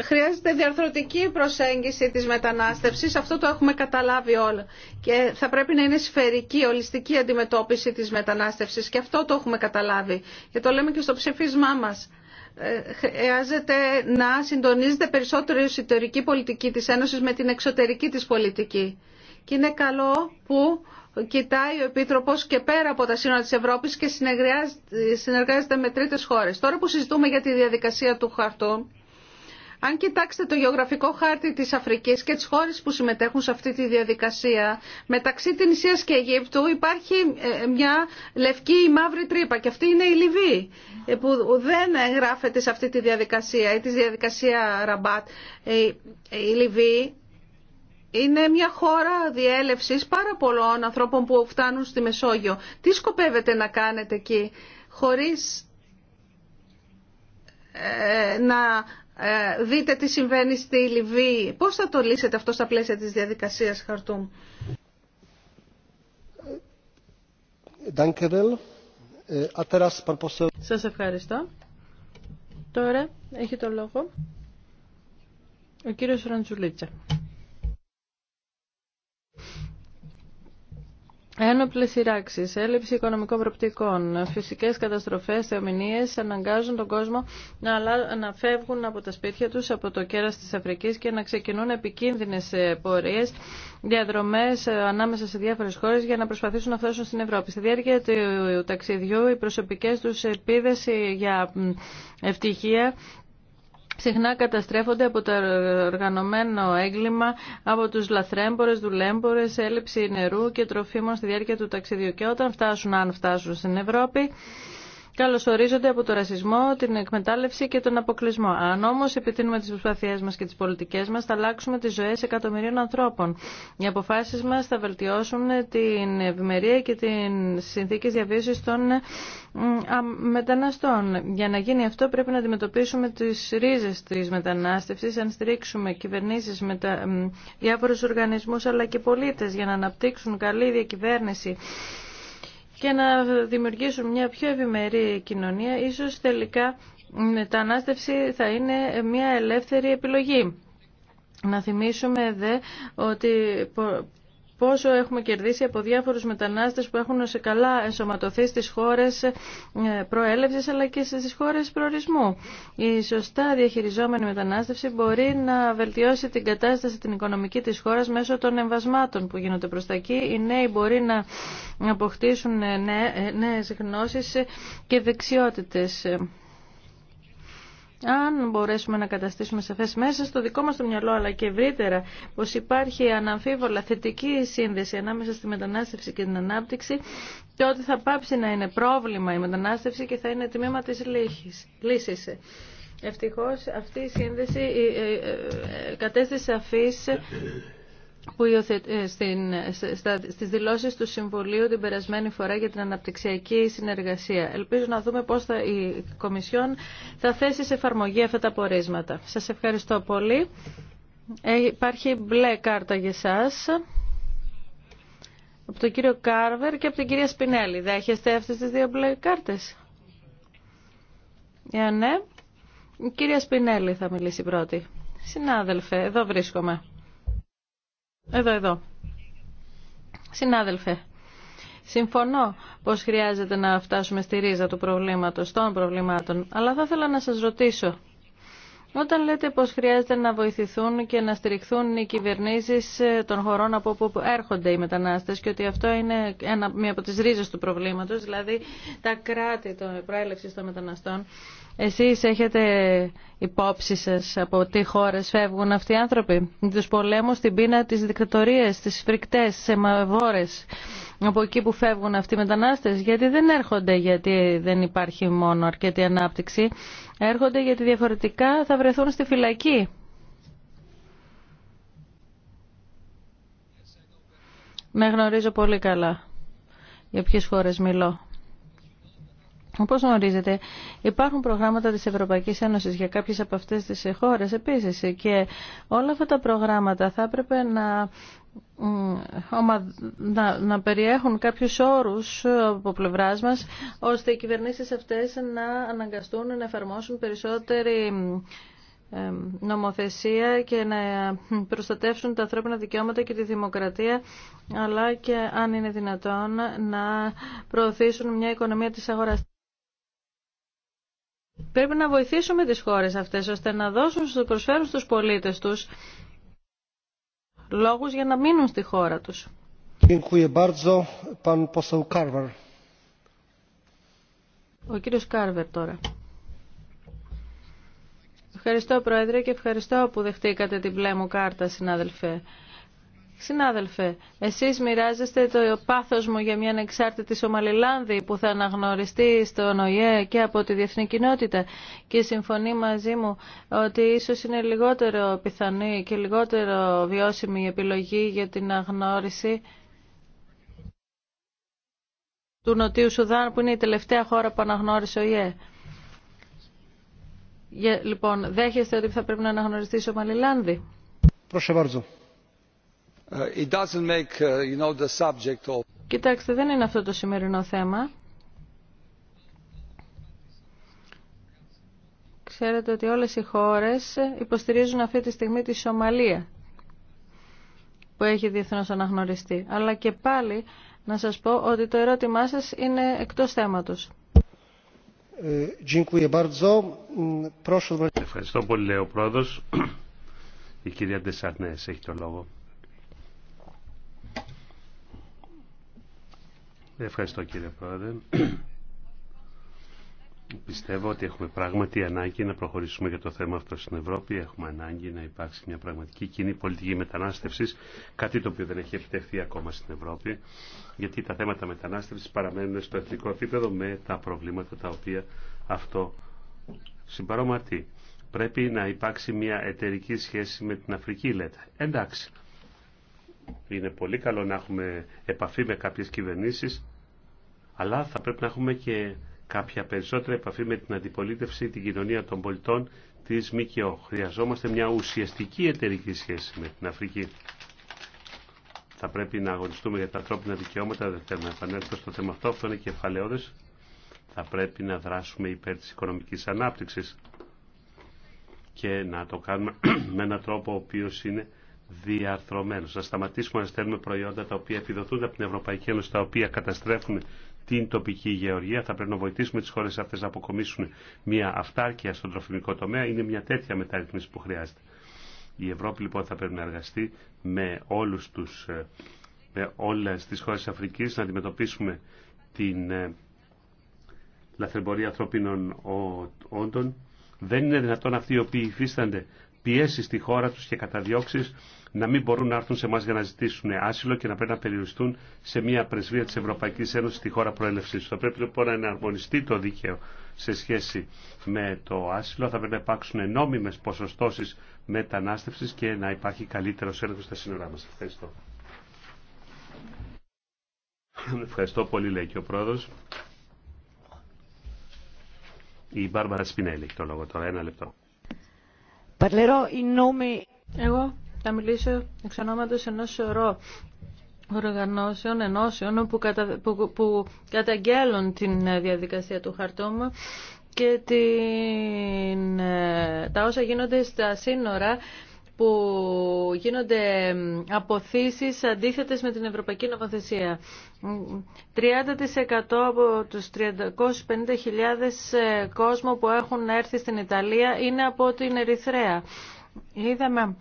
Χρειάζεται διαρθρωτική προσέγγιση της μετανάστευσης, αυτό το έχουμε καταλάβει όλα. Και θα πρέπει να είναι σφαιρική, ολιστική αντιμετώπιση της μετανάστευσης και αυτό το έχουμε καταλάβει. Και το λέμε και στο ψηφίσμά μας ε, χρειάζεται να συντονίζεται περισσότερο η εσωτερική πολιτική της Ένωσης με την εξωτερική της πολιτική. Και είναι καλό που κοιτάει ο Επίτροπος και πέρα από τα σύνορα της Ευρώπης και συνεργάζεται με τρίτες χώρες. Τώρα που συζητούμε για τη διαδικασία του χαρτού, αν κοιτάξετε το γεωγραφικό χάρτη της Αφρικής και τις χώρες που συμμετέχουν σε αυτή τη διαδικασία, μεταξύ της Ισίας και Αιγύπτου υπάρχει ε, μια λευκή ή μαύρη τρύπα και αυτή είναι η Λιβύη ε, που δεν εγγράφεται σε αυτή τη διαδικασία ή τη διαδικασία Ραμπάτ. Ε, η Λιβύη είναι μια χώρα διέλευσης πάρα πολλών ανθρώπων που φτάνουν στη Μεσόγειο. Τι σκοπεύετε να κάνετε εκεί χωρίς ε, να ε, δείτε τι συμβαίνει στη Λιβύη. Πώς θα το λύσετε αυτό στα πλαίσια της διαδικασίας Χαρτούμ. Ε, Σας ευχαριστώ. Τώρα έχει το λόγο ο κύριος Ραντζουλίτσα. Ένοπλες σειράξει, έλλειψη οικονομικών προπτικών, φυσικές καταστροφές, θεομηνίες αναγκάζουν τον κόσμο να, φεύγουν από τα σπίτια τους, από το κέρα της Αφρικής και να ξεκινούν επικίνδυνες ε, πορείες, διαδρομές ε, ανάμεσα σε διάφορες χώρες για να προσπαθήσουν να φτάσουν στην Ευρώπη. Στη διάρκεια του ταξιδιού οι προσωπικέ του επίδεση ε, για ευτυχία συχνά καταστρέφονται από το οργανωμένο έγκλημα, από τους λαθρέμπορες, δουλέμπορες, έλλειψη νερού και τροφίμων στη διάρκεια του ταξιδιού. Και όταν φτάσουν, αν φτάσουν στην Ευρώπη, καλωσορίζονται από το ρασισμό, την εκμετάλλευση και τον αποκλεισμό. Αν όμω επιτείνουμε τι προσπάθειέ μα και τι πολιτικέ μα, θα αλλάξουμε τι ζωέ εκατομμυρίων ανθρώπων. Οι αποφάσει μα θα βελτιώσουν την ευημερία και τι συνθήκε διαβίωση των ε, μεταναστών. Για να γίνει αυτό, πρέπει να αντιμετωπίσουμε τι ρίζε τη μετανάστευση, αν στηρίξουμε κυβερνήσει, με διάφορου οργανισμού αλλά και πολίτε για να αναπτύξουν καλή διακυβέρνηση και να δημιουργήσουν μια πιο ευημερή κοινωνία, ίσως τελικά η μετανάστευση θα είναι μια ελεύθερη επιλογή. Να θυμίσουμε δε ότι πόσο έχουμε κερδίσει από διάφορους μετανάστες που έχουν σε καλά ενσωματωθεί στις χώρες ε, προέλευσης αλλά και στις χώρες προορισμού. Η σωστά διαχειριζόμενη μετανάστευση μπορεί να βελτιώσει την κατάσταση την οικονομική της χώρας μέσω των εμβασμάτων που γίνονται προς τα εκεί. Οι νέοι μπορεί να αποκτήσουν ε, ε, νέες γνώσεις και δεξιότητες αν μπορέσουμε να καταστήσουμε σαφές μέσα στο δικό μας το μυαλό αλλά και ευρύτερα πως υπάρχει αναμφίβολα θετική σύνδεση ανάμεσα στη μετανάστευση και την ανάπτυξη τότε θα πάψει να είναι πρόβλημα η μετανάστευση και θα είναι τμήμα της λύσης. Ευτυχώς αυτή η σύνδεση ε, ε, ε, κατέστησε αφής που ε, στην, στα, στις δηλώσεις του Συμβουλίου την περασμένη φορά για την αναπτυξιακή συνεργασία. Ελπίζω να δούμε πώς η Κομισιόν θα θέσει σε εφαρμογή αυτά τα πορίσματα. Σας ευχαριστώ πολύ. Ε, υπάρχει μπλε κάρτα για σας από τον κύριο Κάρβερ και από την κυρία Σπινέλη. Δέχεστε αυτές τις δύο μπλε κάρτες. Ε, ναι, η κυρία Σπινέλη θα μιλήσει πρώτη. Συνάδελφε, εδώ βρίσκομαι. Εδώ, εδώ. Συνάδελφε, συμφωνώ πως χρειάζεται να φτάσουμε στη ρίζα του προβλήματος, των προβλημάτων, αλλά θα ήθελα να σας ρωτήσω. Όταν λέτε πως χρειάζεται να βοηθηθούν και να στηριχθούν οι κυβερνήσεις ε, των χωρών από όπου έρχονται οι μετανάστες και ότι αυτό είναι μία από τις ρίζες του προβλήματος, δηλαδή τα κράτη των προέλευσης των μεταναστών, εσείς έχετε υπόψη σας από τι χώρες φεύγουν αυτοί οι άνθρωποι. Τους πολέμους, την πείνα, τις δικτατορίες, τις φρικτές, τις Από εκεί που φεύγουν αυτοί οι μετανάστες, γιατί δεν έρχονται γιατί δεν υπάρχει μόνο αρκετή ανάπτυξη. Έρχονται γιατί διαφορετικά θα βρεθούν στη φυλακή. Με γνωρίζω πολύ καλά για ποιες χώρες μιλώ. Όπω γνωρίζετε, υπάρχουν προγράμματα της Ευρωπαϊκής Ένωσης για κάποιες από αυτές τις χώρες επίσης και όλα αυτά τα προγράμματα θα έπρεπε να να, να περιέχουν κάποιους όρους από πλευρά μας ώστε οι κυβερνήσεις αυτές να αναγκαστούν να εφαρμόσουν περισσότερη ε, νομοθεσία και να προστατεύσουν τα ανθρώπινα δικαιώματα και τη δημοκρατία αλλά και αν είναι δυνατόν να προωθήσουν μια οικονομία της αγοράς. Πρέπει να βοηθήσουμε τις χώρες αυτές ώστε να δώσουν, στους προσφέρουν στους πολίτες τους λόγους για να μείνουν στη χώρα τους. Ο κύριος Κάρβερ τώρα. Ευχαριστώ Πρόεδρε και ευχαριστώ που δεχτήκατε την μπλε κάρτα συνάδελφε. Συνάδελφε, εσείς μοιράζεστε το πάθος μου για μια ανεξάρτητη Σομαλιλάνδη που θα αναγνωριστεί στον ΟΗΕ και από τη διεθνή κοινότητα και συμφωνεί μαζί μου ότι ίσως είναι λιγότερο πιθανή και λιγότερο βιώσιμη η επιλογή για την αναγνώριση του Νοτιού Σουδάν που είναι η τελευταία χώρα που αναγνώρισε ο ΙΕ. Λοιπόν, δέχεστε ότι θα πρέπει να αναγνωριστεί η Σομαλιλάνδη. Κοιτάξτε, δεν είναι αυτό το σημερινό θέμα. Ξέρετε ότι όλες οι χώρες υποστηρίζουν αυτή τη στιγμή τη Σομαλία που έχει διεθνώς αναγνωριστεί. Αλλά και πάλι να σας πω ότι το ερώτημά σας είναι εκτός θέματος. Ε, Ευχαριστώ πολύ, λέει ο πρόεδρος. Η κυρία Ντεσαρνές έχει το λόγο. Ευχαριστώ κύριε Πρόεδρε. Πιστεύω ότι έχουμε πράγματι ανάγκη να προχωρήσουμε για το θέμα αυτό στην Ευρώπη. Έχουμε ανάγκη να υπάρξει μια πραγματική κοινή πολιτική μετανάστευση, κάτι το οποίο δεν έχει επιτευχθεί ακόμα στην Ευρώπη, γιατί τα θέματα μετανάστευση παραμένουν στο εθνικό επίπεδο με τα προβλήματα τα οποία αυτό συμπαρομαρτεί. Πρέπει να υπάρξει μια εταιρική σχέση με την Αφρική, λέτε. Εντάξει, είναι πολύ καλό να έχουμε επαφή με κάποιες κυβερνήσεις, αλλά θα πρέπει να έχουμε και κάποια περισσότερη επαφή με την αντιπολίτευση, την κοινωνία των πολιτών, της ΜΚΟ. Χρειαζόμαστε μια ουσιαστική εταιρική σχέση με την Αφρική. Θα πρέπει να αγωνιστούμε για τα ανθρώπινα δικαιώματα, δεν θέλω να επανέλθω στο θέμα αυτό, αυτό είναι κεφαλαιόδες. Θα πρέπει να δράσουμε υπέρ της οικονομικής ανάπτυξης και να το κάνουμε με έναν τρόπο ο οποίος είναι διαρθρωμένος. Να σταματήσουμε να στέλνουμε προϊόντα τα οποία επιδοτούνται από την Ευρωπαϊκή Ένωση, τα οποία καταστρέφουν την τοπική γεωργία. Θα πρέπει να βοηθήσουμε τις χώρες αυτές να αποκομίσουν μια αυτάρκεια στον τροφιμικό τομέα. Είναι μια τέτοια μεταρρύθμιση που χρειάζεται. Η Ευρώπη λοιπόν θα πρέπει να εργαστεί με, όλους τους, ε, με όλες τις χώρες της Αφρικής να αντιμετωπίσουμε την ε, λαθρεμπορία ανθρωπίνων όντων. Δεν είναι δυνατόν αυτοί οι οποίοι υφίστανται πιέσει στη χώρα τους και καταδιώξει να μην μπορούν να έρθουν σε εμά για να ζητήσουν άσυλο και να πρέπει να περιοριστούν σε μια πρεσβεία τη Ευρωπαϊκή Ένωση στη χώρα προέλευσης. Θα πρέπει λοιπόν να εναρμονιστεί το δίκαιο σε σχέση με το άσυλο. Θα πρέπει να υπάρξουν νόμιμες ποσοστώσει μετανάστευση και να υπάρχει καλύτερο έλεγχο στα σύνορά μα. Ευχαριστώ. Ευχαριστώ πολύ, λέει και ο πρόεδρος. Η Μπάρμπαρα Σπινέλη έχει το λόγο τώρα. Ένα λεπτό. Εγώ θα μιλήσω εξ ονόματος ενός σωρό οργανώσεων, ενώσεων που, κατα... που, που καταγγέλουν την ε, διαδικασία του χαρτόμα και την... Ε, τα όσα γίνονται στα σύνορα που γίνονται αποθήσεις αντίθετες με την Ευρωπαϊκή Νομοθεσία. 30% από τους 350.000 ε, κόσμο που έχουν έρθει στην Ιταλία είναι από την Ερυθρέα. Είδαμε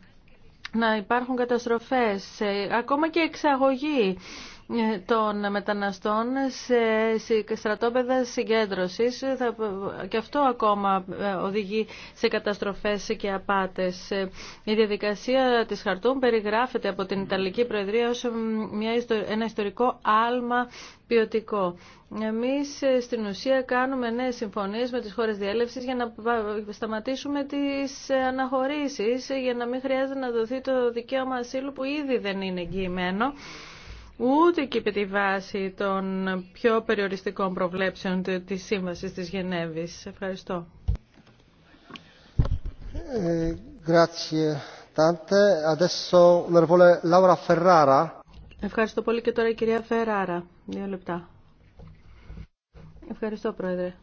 να υπάρχουν καταστροφές, ε, ακόμα και εξαγωγή των μεταναστών σε στρατόπεδα συγκέντρωσης και αυτό ακόμα ε, οδηγεί σε καταστροφές και απάτες. Ε, η διαδικασία της Χαρτούν περιγράφεται από την Ιταλική Προεδρία ως μια, ένα ιστορικό άλμα ποιοτικό. Εμεί ε, στην ουσία κάνουμε νέε συμφωνίε με τις χώρε διέλευση για να σταματήσουμε τις αναχωρήσεις, για να μην χρειάζεται να δοθεί το δικαίωμα ασύλου που ήδη δεν είναι εγγυημένο ούτε και επί τη βάση των πιο περιοριστικών προβλέψεων της Σύμβασης της Γενέβης. Ευχαριστώ. Ε, Ευχαριστώ πολύ και τώρα η κυρία Φεράρα. Δύο λεπτά. Ευχαριστώ, Πρόεδρε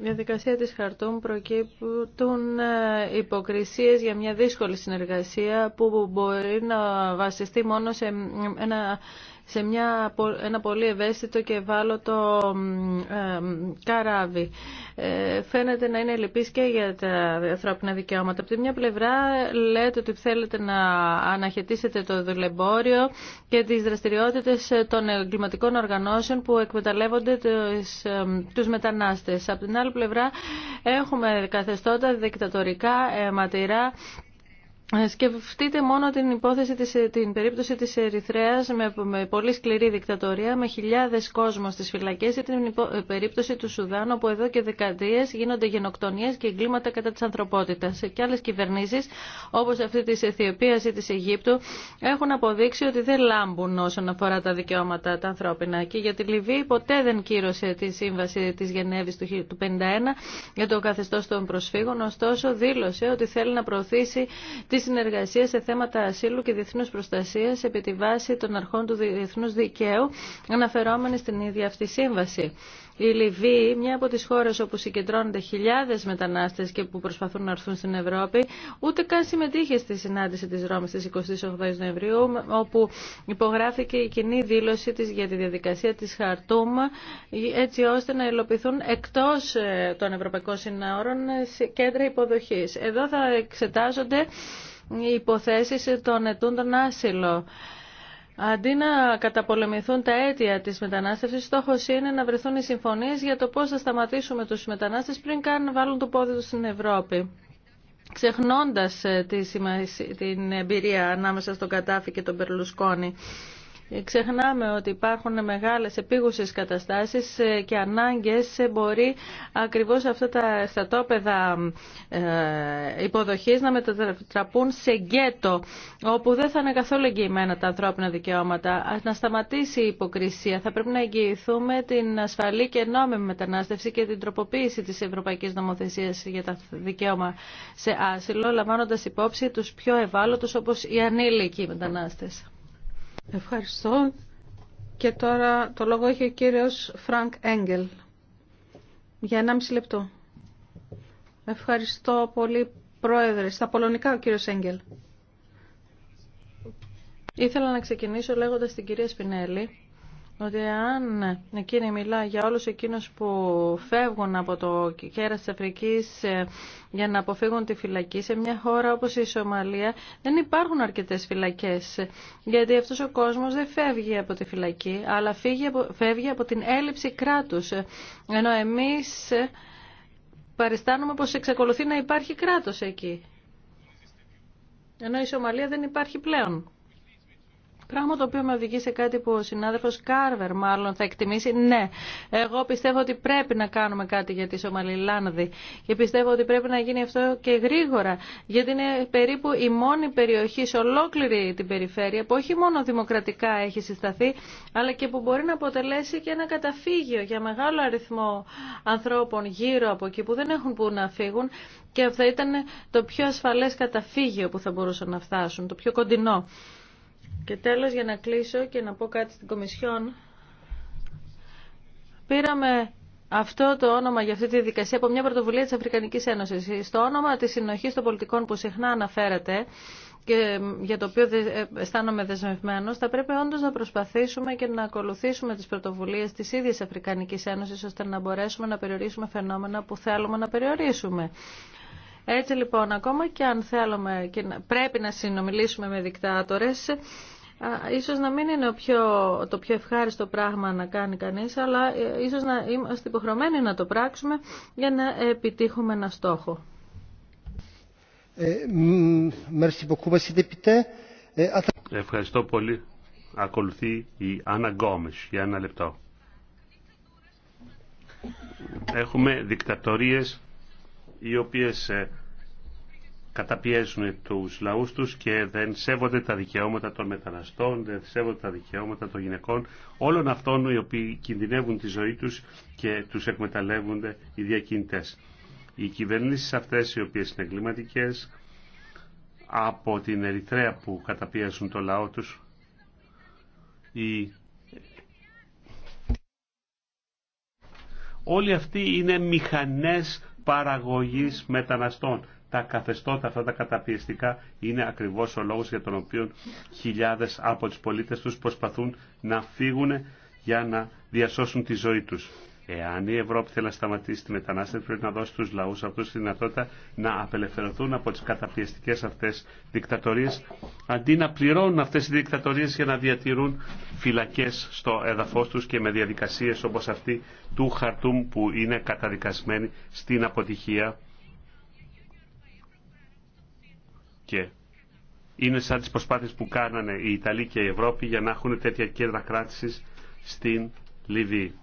διαδικασία της χαρτών προκύπτουν ε, υποκρισίες για μια δύσκολη συνεργασία που μπορεί να βασιστεί μόνο σε ένα σε μια, ένα πολύ ευαίσθητο και ευάλωτο ε, καράβι. φαίνεται να είναι λυπής και για τα ανθρώπινα δικαιώματα. Από τη μια πλευρά λέτε ότι θέλετε να αναχαιτήσετε το δουλεμπόριο και τις δραστηριότητες των εγκληματικών οργανώσεων που εκμεταλλεύονται τους, τους μετανάστες. Από την άλλη πλευρά έχουμε καθεστώτα δικτατορικά, αιματηρά ε, ε, σκεφτείτε μόνο την υπόθεση, της, ε, την περίπτωση της Ερυθρέας με, με πολύ σκληρή δικτατορία, με χιλιάδες κόσμο στις φυλακές ή την ε, περίπτωση του Σουδάνου όπου εδώ και δεκαδίες γίνονται γενοκτονίες και εγκλήματα κατά της ανθρωπότητας. Και άλλες κυβερνήσεις όπως αυτή της Αιθιοπίας ή της Αιγύπτου έχουν αποδείξει ότι δεν λάμπουν όσον αφορά τα δικαιώματα τα ανθρώπινα. Και για τη Λιβύη ποτέ δεν κύρωσε τη σύμβαση της Γενέβης του 1951 για το καθεστώς των προσφύγων, ωστόσο δήλωσε ότι θέλει να προωθήσει συνεργασία σε θέματα ασύλου και διεθνού προστασία επί τη βάση των αρχών του διεθνού δικαίου, αναφερόμενη στην ίδια αυτή σύμβαση. Η Λιβύη, μια από τι χώρε όπου συγκεντρώνονται χιλιάδε μετανάστε και που προσπαθούν να έρθουν στην Ευρώπη, ούτε καν συμμετείχε στη συνάντηση τη Ρώμη τη 28 Νοεμβρίου, όπου υπογράφηκε η κοινή δήλωση τη για τη διαδικασία τη Χαρτούμ, έτσι ώστε να υλοποιηθούν εκτό ε, των Ευρωπαϊκών Συνόρων κέντρα υποδοχή. Εδώ θα εξετάζονται υποθέσεις των ετούντων άσυλο. Αντί να καταπολεμηθούν τα αίτια της μετανάστευσης, στόχος είναι να βρεθούν οι συμφωνίες για το πώς θα σταματήσουμε τους μετανάστες πριν καν βάλουν το πόδι τους στην Ευρώπη. Ξεχνώντας ε, την εμπειρία ανάμεσα στον Κατάφη και τον Περλουσκόνη. Ξεχνάμε ότι υπάρχουν μεγάλες επίγουσες καταστάσεις ε, και ανάγκες ε, μπορεί ακριβώς αυτά τα στατόπεδα ε, υποδοχής να μετατραπούν σε γκέτο όπου δεν θα είναι καθόλου εγγυημένα τα ανθρώπινα δικαιώματα. Ας να σταματήσει η υποκρισία. Θα πρέπει να εγγυηθούμε την ασφαλή και νόμιμη μετανάστευση και την τροποποίηση της Ευρωπαϊκής Νομοθεσίας για τα δικαίωμα σε άσυλο λαμβάνοντας υπόψη τους πιο ευάλωτους όπως οι ανήλικοι μετανάστες. Ευχαριστώ. Και τώρα το λόγο έχει ο κύριος Φρανκ Έγγελ. Για 1,5 λεπτό. Ευχαριστώ πολύ, Πρόεδρε. Στα πολωνικά ο κύριος Έγγελ. Ήθελα να ξεκινήσω λέγοντας την κυρία Σπινέλη ότι αν εκείνη μιλά για όλους εκείνους που φεύγουν από το κέρας της Αφρικής ε, για να αποφύγουν τη φυλακή σε μια χώρα όπως η Σομαλία δεν υπάρχουν αρκετές φυλακές γιατί αυτός ο κόσμος δεν φεύγει από τη φυλακή αλλά φεύγει από την έλλειψη κράτους ενώ εμείς ε, παριστάνουμε πως εξακολουθεί να υπάρχει κράτος εκεί ενώ η Σομαλία δεν υπάρχει πλέον. Πράγμα το οποίο με οδηγεί σε κάτι που ο συνάδελφο Κάρβερ μάλλον θα εκτιμήσει. Ναι, εγώ πιστεύω ότι πρέπει να κάνουμε κάτι για τη Σομαλιλάνδη και πιστεύω ότι πρέπει να γίνει αυτό και γρήγορα γιατί είναι περίπου η μόνη περιοχή σε ολόκληρη την περιφέρεια που όχι μόνο δημοκρατικά έχει συσταθεί αλλά και που μπορεί να αποτελέσει και ένα καταφύγιο για μεγάλο αριθμό ανθρώπων γύρω από εκεί που δεν έχουν που να φύγουν και αυτό ήταν το πιο ασφαλές καταφύγιο που θα μπορούσαν να φτάσουν, το πιο κοντινό. Και τέλος για να κλείσω και να πω κάτι στην Κομισιόν. Πήραμε αυτό το όνομα για αυτή τη δικασία από μια πρωτοβουλία της Αφρικανικής Ένωσης. Στο όνομα της συνοχής των πολιτικών που συχνά αναφέρεται και για το οποίο ε, αισθάνομαι δεσμευμένος, θα πρέπει όντως να προσπαθήσουμε και να ακολουθήσουμε τις πρωτοβουλίες της ίδιας Αφρικανικής Ένωσης, ώστε να μπορέσουμε να περιορίσουμε φαινόμενα που θέλουμε να περιορίσουμε. Έτσι λοιπόν, ακόμα και αν θέλουμε και πρέπει να συνομιλήσουμε με δικτάτορες, ίσως να μην είναι το πιο ευχάριστο πράγμα να κάνει κανείς, αλλά ε, ίσως να είμαστε υποχρεωμένοι να το πράξουμε για να επιτύχουμε ένα στόχο. Ε, ε, Ευχαριστώ πολύ. Ακολουθεί η Άννα Γκόμες για ένα λεπτό. Έχουμε δικτατορίες οι οποίες ε, καταπιέζουν τους λαούς τους και δεν σέβονται τα δικαιώματα των μεταναστών, δεν σέβονται τα δικαιώματα των γυναικών, όλων αυτών οι οποίοι κινδυνεύουν τη ζωή τους και τους εκμεταλλεύονται οι διακινητές. Οι κυβερνήσεις αυτές οι οποίες είναι εγκληματικές από την Ερυθρέα που καταπιέζουν το λαό τους, οι Όλοι αυτοί είναι μηχανές παραγωγής μεταναστών. Τα καθεστώτα αυτά τα καταπιεστικά είναι ακριβώς ο λόγος για τον οποίο χιλιάδες από τους πολίτες τους προσπαθούν να φύγουν για να διασώσουν τη ζωή τους. Εάν η Ευρώπη θέλει να σταματήσει τη μετανάστευση, πρέπει να δώσει στους λαούς αυτούς τη δυνατότητα να απελευθερωθούν από τις καταπιεστικές αυτές δικτατορίες, αντί να πληρώνουν αυτές οι δικτατορίες για να διατηρούν φυλακές στο έδαφος τους και με διαδικασίες όπως αυτή του Χαρτούμ που είναι καταδικασμένη στην αποτυχία. Και είναι σαν τις προσπάθειες που κάνανε η Ιταλία και η Ευρώπη για να έχουν τέτοια κέντρα κράτησης στην Λιβύη.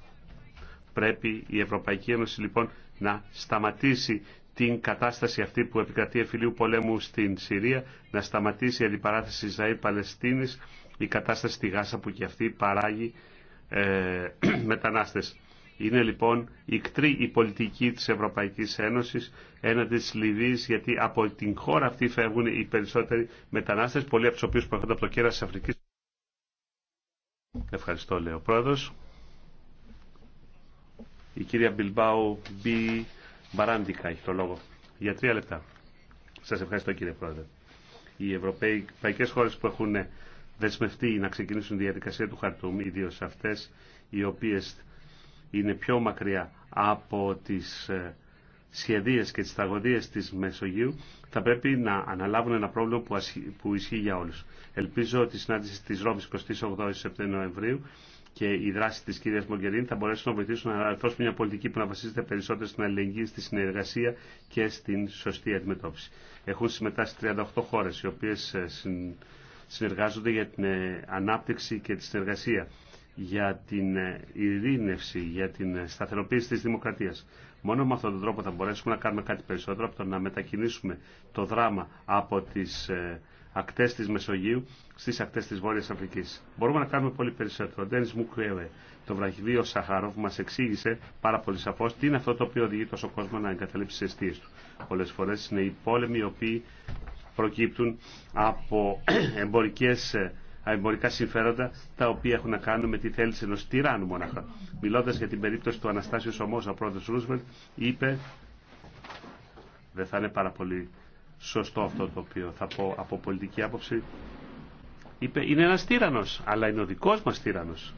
Πρέπει η Ευρωπαϊκή Ένωση λοιπόν να σταματήσει την κατάσταση αυτή που επικρατεί εφηλίου πολέμου στην Συρία, να σταματήσει η αντιπαράθεση Ισραήλ-Παλαιστίνης, η κατάσταση στη Γάσα που και αυτή παράγει ε, μετανάστες. Είναι λοιπόν η κτρή η πολιτική της Ευρωπαϊκής Ένωσης έναντι της Λιβύης γιατί από την χώρα αυτή φεύγουν οι περισσότεροι μετανάστες, πολλοί από τους οποίους προέρχονται από το κέρας της Αφρικής. Ευχαριστώ λέει ο πρόεδρος. Η κυρία Μπιλμπάου Μπι Μπαράντικα έχει το λόγο. Για τρία λεπτά. Σα ευχαριστώ κύριε Πρόεδρε. Οι ευρωπαϊκές χώρε που έχουν δεσμευτεί να ξεκινήσουν τη διαδικασία του χαρτούμ, ιδίω αυτέ, οι οποίε είναι πιο μακριά από τι ε, σχεδίες και τι ταγωδίε τη Μεσογείου, θα πρέπει να αναλάβουν ένα πρόβλημα που, ισχύει για όλου. Ελπίζω ότι η συνάντηση τη Ρώμη 28 Σεπτεμβρίου και οι δράσει τη κυρία Μογκερίνη θα μπορέσουν να βοηθήσουν να αναρθώσουν μια πολιτική που να βασίζεται περισσότερο στην αλληλεγγύη, στη συνεργασία και στην σωστή αντιμετώπιση. Έχουν συμμετάσχει 38 χώρε, οι οποίε ε, συνεργάζονται για την ε, ανάπτυξη και τη συνεργασία, για την ε, ειρήνευση, για την σταθεροποίηση τη δημοκρατία. Μόνο με αυτόν τον τρόπο θα μπορέσουμε να κάνουμε κάτι περισσότερο από το να μετακινήσουμε το δράμα από τις ακτές της Μεσογείου στις ακτές της Βόρειας Αφρικής. Μπορούμε να κάνουμε πολύ περισσότερο. Ο Ντένις Μουκουέβε, το βραχυδίο Σαχαρόφ, μας εξήγησε πάρα πολύ σαφώς τι είναι αυτό το οποίο οδηγεί τόσο κόσμο να εγκαταλείψει τι αιστείες του. Πολλές φορές είναι οι πόλεμοι οι οποίοι προκύπτουν από εμπορικές ε, εμπορικά συμφέροντα τα οποία έχουν να κάνουν με τη θέληση ενός τυράννου μονάχα. Μιλώντας για την περίπτωση του Αναστάσιου Σωμός, ο πρώτο Ρούσβελτ είπε. Δεν θα είναι πάρα πολύ σωστό αυτό το οποίο θα πω από πολιτική άποψη. Είπε, είναι ένας τύρανος, αλλά είναι ο δικός μας τύρανος.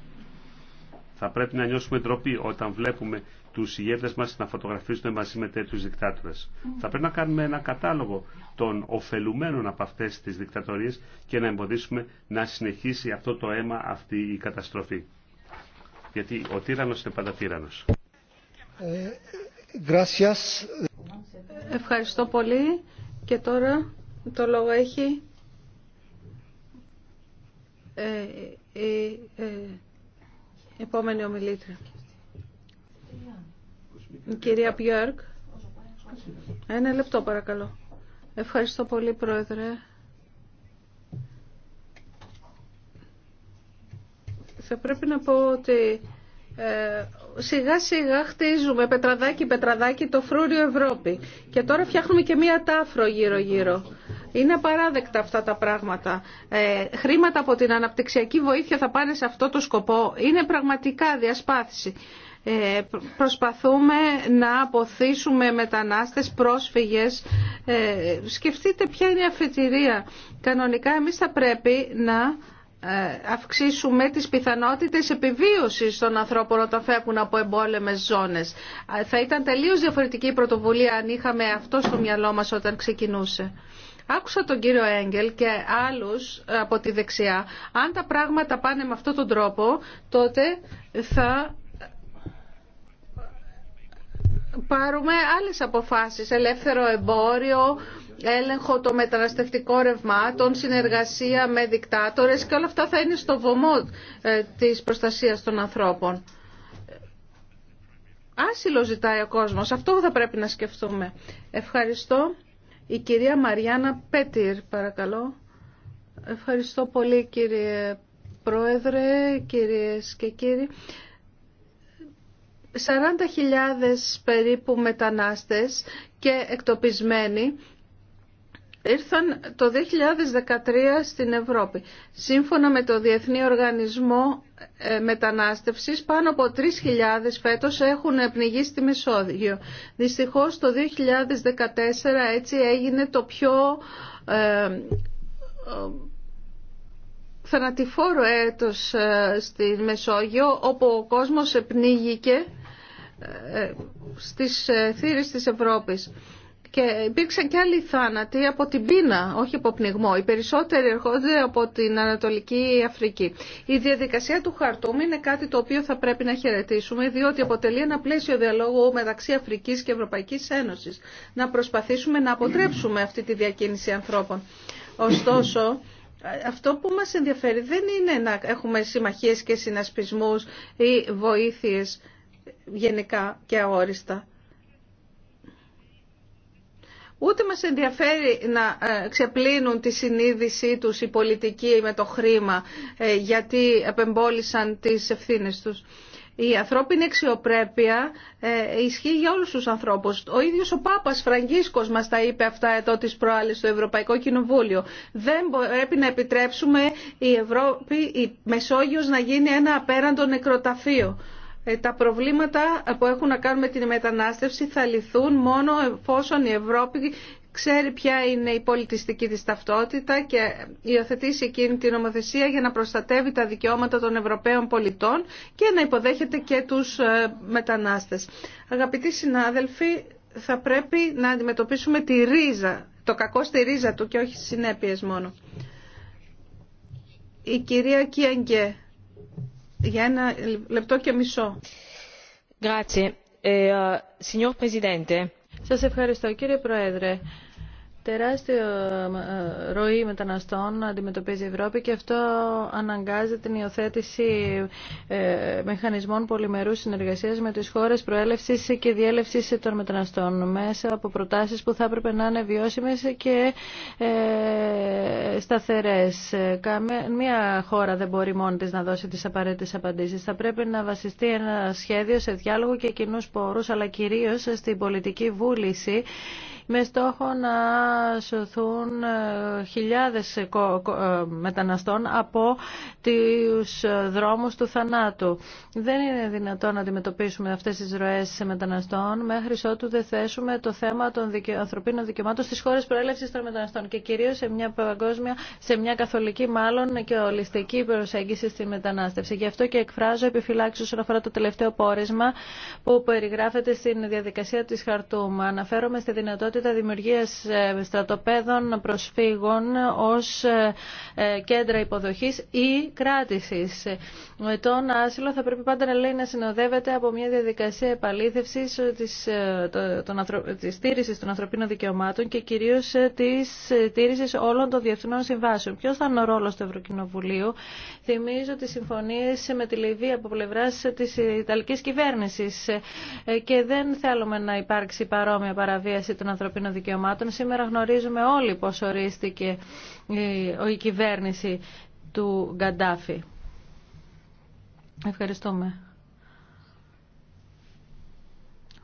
Θα πρέπει να νιώσουμε ντροπή όταν βλέπουμε τους ηγέτες μας να φωτογραφίζουν μαζί με τέτοιους δικτάτορες. Θα πρέπει να κάνουμε ένα κατάλογο των ωφελουμένων από αυτές τις δικτατορίες και να εμποδίσουμε να συνεχίσει αυτό το αίμα, αυτή η καταστροφή. Γιατί ο τύρανος είναι πάντα τύρανος. Ε, ε, ε, Ευχαριστώ πολύ. Και τώρα το λόγο έχει ε, η ε, επόμενη ομιλήτρια. κυρία Πιόρκ. Ένα λεπτό παρακαλώ. Ευχαριστώ πολύ πρόεδρε. Θα πρέπει να πω ότι ε, σιγά σιγά χτίζουμε πετραδάκι πετραδάκι το φρούριο Ευρώπη και τώρα φτιάχνουμε και μία τάφρο γύρω γύρω. Είναι απαράδεκτα αυτά τα πράγματα. Ε, χρήματα από την αναπτυξιακή βοήθεια θα πάνε σε αυτό το σκοπό. Είναι πραγματικά διασπάθηση. Ε, προσπαθούμε να αποθήσουμε μετανάστες, πρόσφυγες. Ε, σκεφτείτε ποια είναι η αφετηρία. Κανονικά εμείς θα πρέπει να ε, αυξήσουμε τις πιθανότητες επιβίωσης των ανθρώπων όταν φεύγουν από εμπόλεμες ζώνες. Ε, θα ήταν τελείως διαφορετική η πρωτοβουλία αν είχαμε αυτό στο μυαλό μας όταν ξεκινούσε. Άκουσα τον κύριο Έγγελ και άλλους από τη δεξιά. Αν τα πράγματα πάνε με αυτόν τον τρόπο, τότε θα πάρουμε άλλες αποφάσεις. Ελεύθερο εμπόριο, έλεγχο των μεταναστευτικών ρευμάτων, συνεργασία με δικτάτορες και όλα αυτά θα είναι στο βωμό ε, της προστασίας των ανθρώπων. Άσυλο ζητάει ο κόσμος. Αυτό θα πρέπει να σκεφτούμε. Ευχαριστώ. Η κυρία Μαριάννα Πέτυρ, παρακαλώ. Ευχαριστώ πολύ κύριε Πρόεδρε, κυρίες και κύριοι. 40.000 περίπου μετανάστες και εκτοπισμένοι ήρθαν το 2013 στην Ευρώπη. Σύμφωνα με το Διεθνή Οργανισμό ε, Μετανάστευσης, πάνω από 3.000 φέτος έχουν πνιγεί στη Μεσόγειο. Δυστυχώς το 2014 έτσι έγινε το πιο ε, θανατηφόρο έτος ε, στη Μεσόγειο, όπου ο κόσμος πνίγηκε ε, στις θύρες της Ευρώπης. Και υπήρξαν και άλλοι θάνατοι από την πείνα, όχι από πνιγμό. Οι περισσότεροι ερχόνται από την Ανατολική Αφρική. Η διαδικασία του Χαρτούμ είναι κάτι το οποίο θα πρέπει να χαιρετήσουμε, διότι αποτελεί ένα πλαίσιο διαλόγου μεταξύ Αφρική και Ευρωπαϊκή Ένωση. Να προσπαθήσουμε να αποτρέψουμε αυτή τη διακίνηση ανθρώπων. Ωστόσο, αυτό που μας ενδιαφέρει δεν είναι να έχουμε συμμαχίες και συνασπισμούς ή βοήθειες γενικά και αόριστα. Ούτε μας ενδιαφέρει να ε, ξεπλύνουν τη συνείδησή τους οι πολιτικοί με το χρήμα ε, γιατί επεμπόλησαν τις ευθύνες τους. Η ανθρώπινη αξιοπρέπεια ε, ισχύει για όλους τους ανθρώπους. Ο ίδιος ο Πάπας Φραγκίσκος μας τα είπε αυτά εδώ της προάλλης στο Ευρωπαϊκό Κοινοβούλιο. Δεν πρέπει να επιτρέψουμε η Ευρώπη, η Μεσόγειος να γίνει ένα απέραντο νεκροταφείο. Ε, τα προβλήματα που έχουν να κάνουν με την μετανάστευση θα λυθούν μόνο εφόσον η Ευρώπη ξέρει ποια είναι η πολιτιστική της ταυτότητα και υιοθετήσει εκείνη την νομοθεσία για να προστατεύει τα δικαιώματα των Ευρωπαίων πολιτών και να υποδέχεται και τους ε, μετανάστες. Αγαπητοί συνάδελφοι, θα πρέπει να αντιμετωπίσουμε τη ρίζα, το κακό στη ρίζα του και όχι στις συνέπειες μόνο. Η κυρία Κιέγκε για ένα λεπτό και μισό. Ε, ε, Σας ευχαριστώ κύριε Πρόεδρε τεράστια ε, ε, ροή μεταναστών αντιμετωπίζει η Ευρώπη και αυτό αναγκάζει την υιοθέτηση ε, μηχανισμών πολυμερού συνεργασίας με τις χώρες προέλευσης και διέλευσης των μεταναστών μέσα από προτάσεις που θα έπρεπε να είναι βιώσιμες και σταθερές. Μία χώρα δεν μπορεί μόνη της να δώσει τις απαραίτητες απαντήσεις. Θα πρέπει να βασιστεί ένα σχέδιο σε διάλογο και κοινού πόρους αλλά κυρίως στην πολιτική βούληση με στόχο να σωθούν ε, χιλιάδες ε, μεταναστών από τους ε, δρόμους του θανάτου. Δεν είναι δυνατόν να αντιμετωπίσουμε αυτές τις ροές μεταναστών μέχρι ότου δεν θέσουμε το θέμα των ανθρωπίνων δικαιωμάτων στις χώρες προέλευσης των μεταναστών και κυρίως σε μια παγκόσμια, σε μια καθολική μάλλον και ολιστική προσέγγιση στη μετανάστευση. Γι' αυτό και εκφράζω επιφυλάξεις όσον αφορά το τελευταίο πόρισμα που περιγράφεται στην διαδικασία της Χαρτούμα. Αναφέρομαι στη δυνατότητα τα δημιουργία ε, στρατοπέδων προσφύγων ως ε, ε, κέντρα υποδοχής ή κράτησης. Τον άσυλο θα πρέπει πάντα να λέει να συνοδεύεται από μια διαδικασία επαλήθευσης της, των, των ανθρωπίνων δικαιωμάτων και κυρίως της στήρησης όλων των διεθνών συμβάσεων. Ποιος θα είναι ο ρόλος του Ευρωκοινοβουλίου. Θυμίζω τις συμφωνίες με τη Λιβύη από πλευράς της Ιταλικής κυβέρνησης και δεν θέλουμε να υπάρξει παρόμοια παραβίαση των ανθρωπίνων δικαιωμάτων. Σήμερα γνωρίζουμε όλοι πω ορίστηκε η κυβέρνηση του Γκαντάφη. Ευχαριστούμε.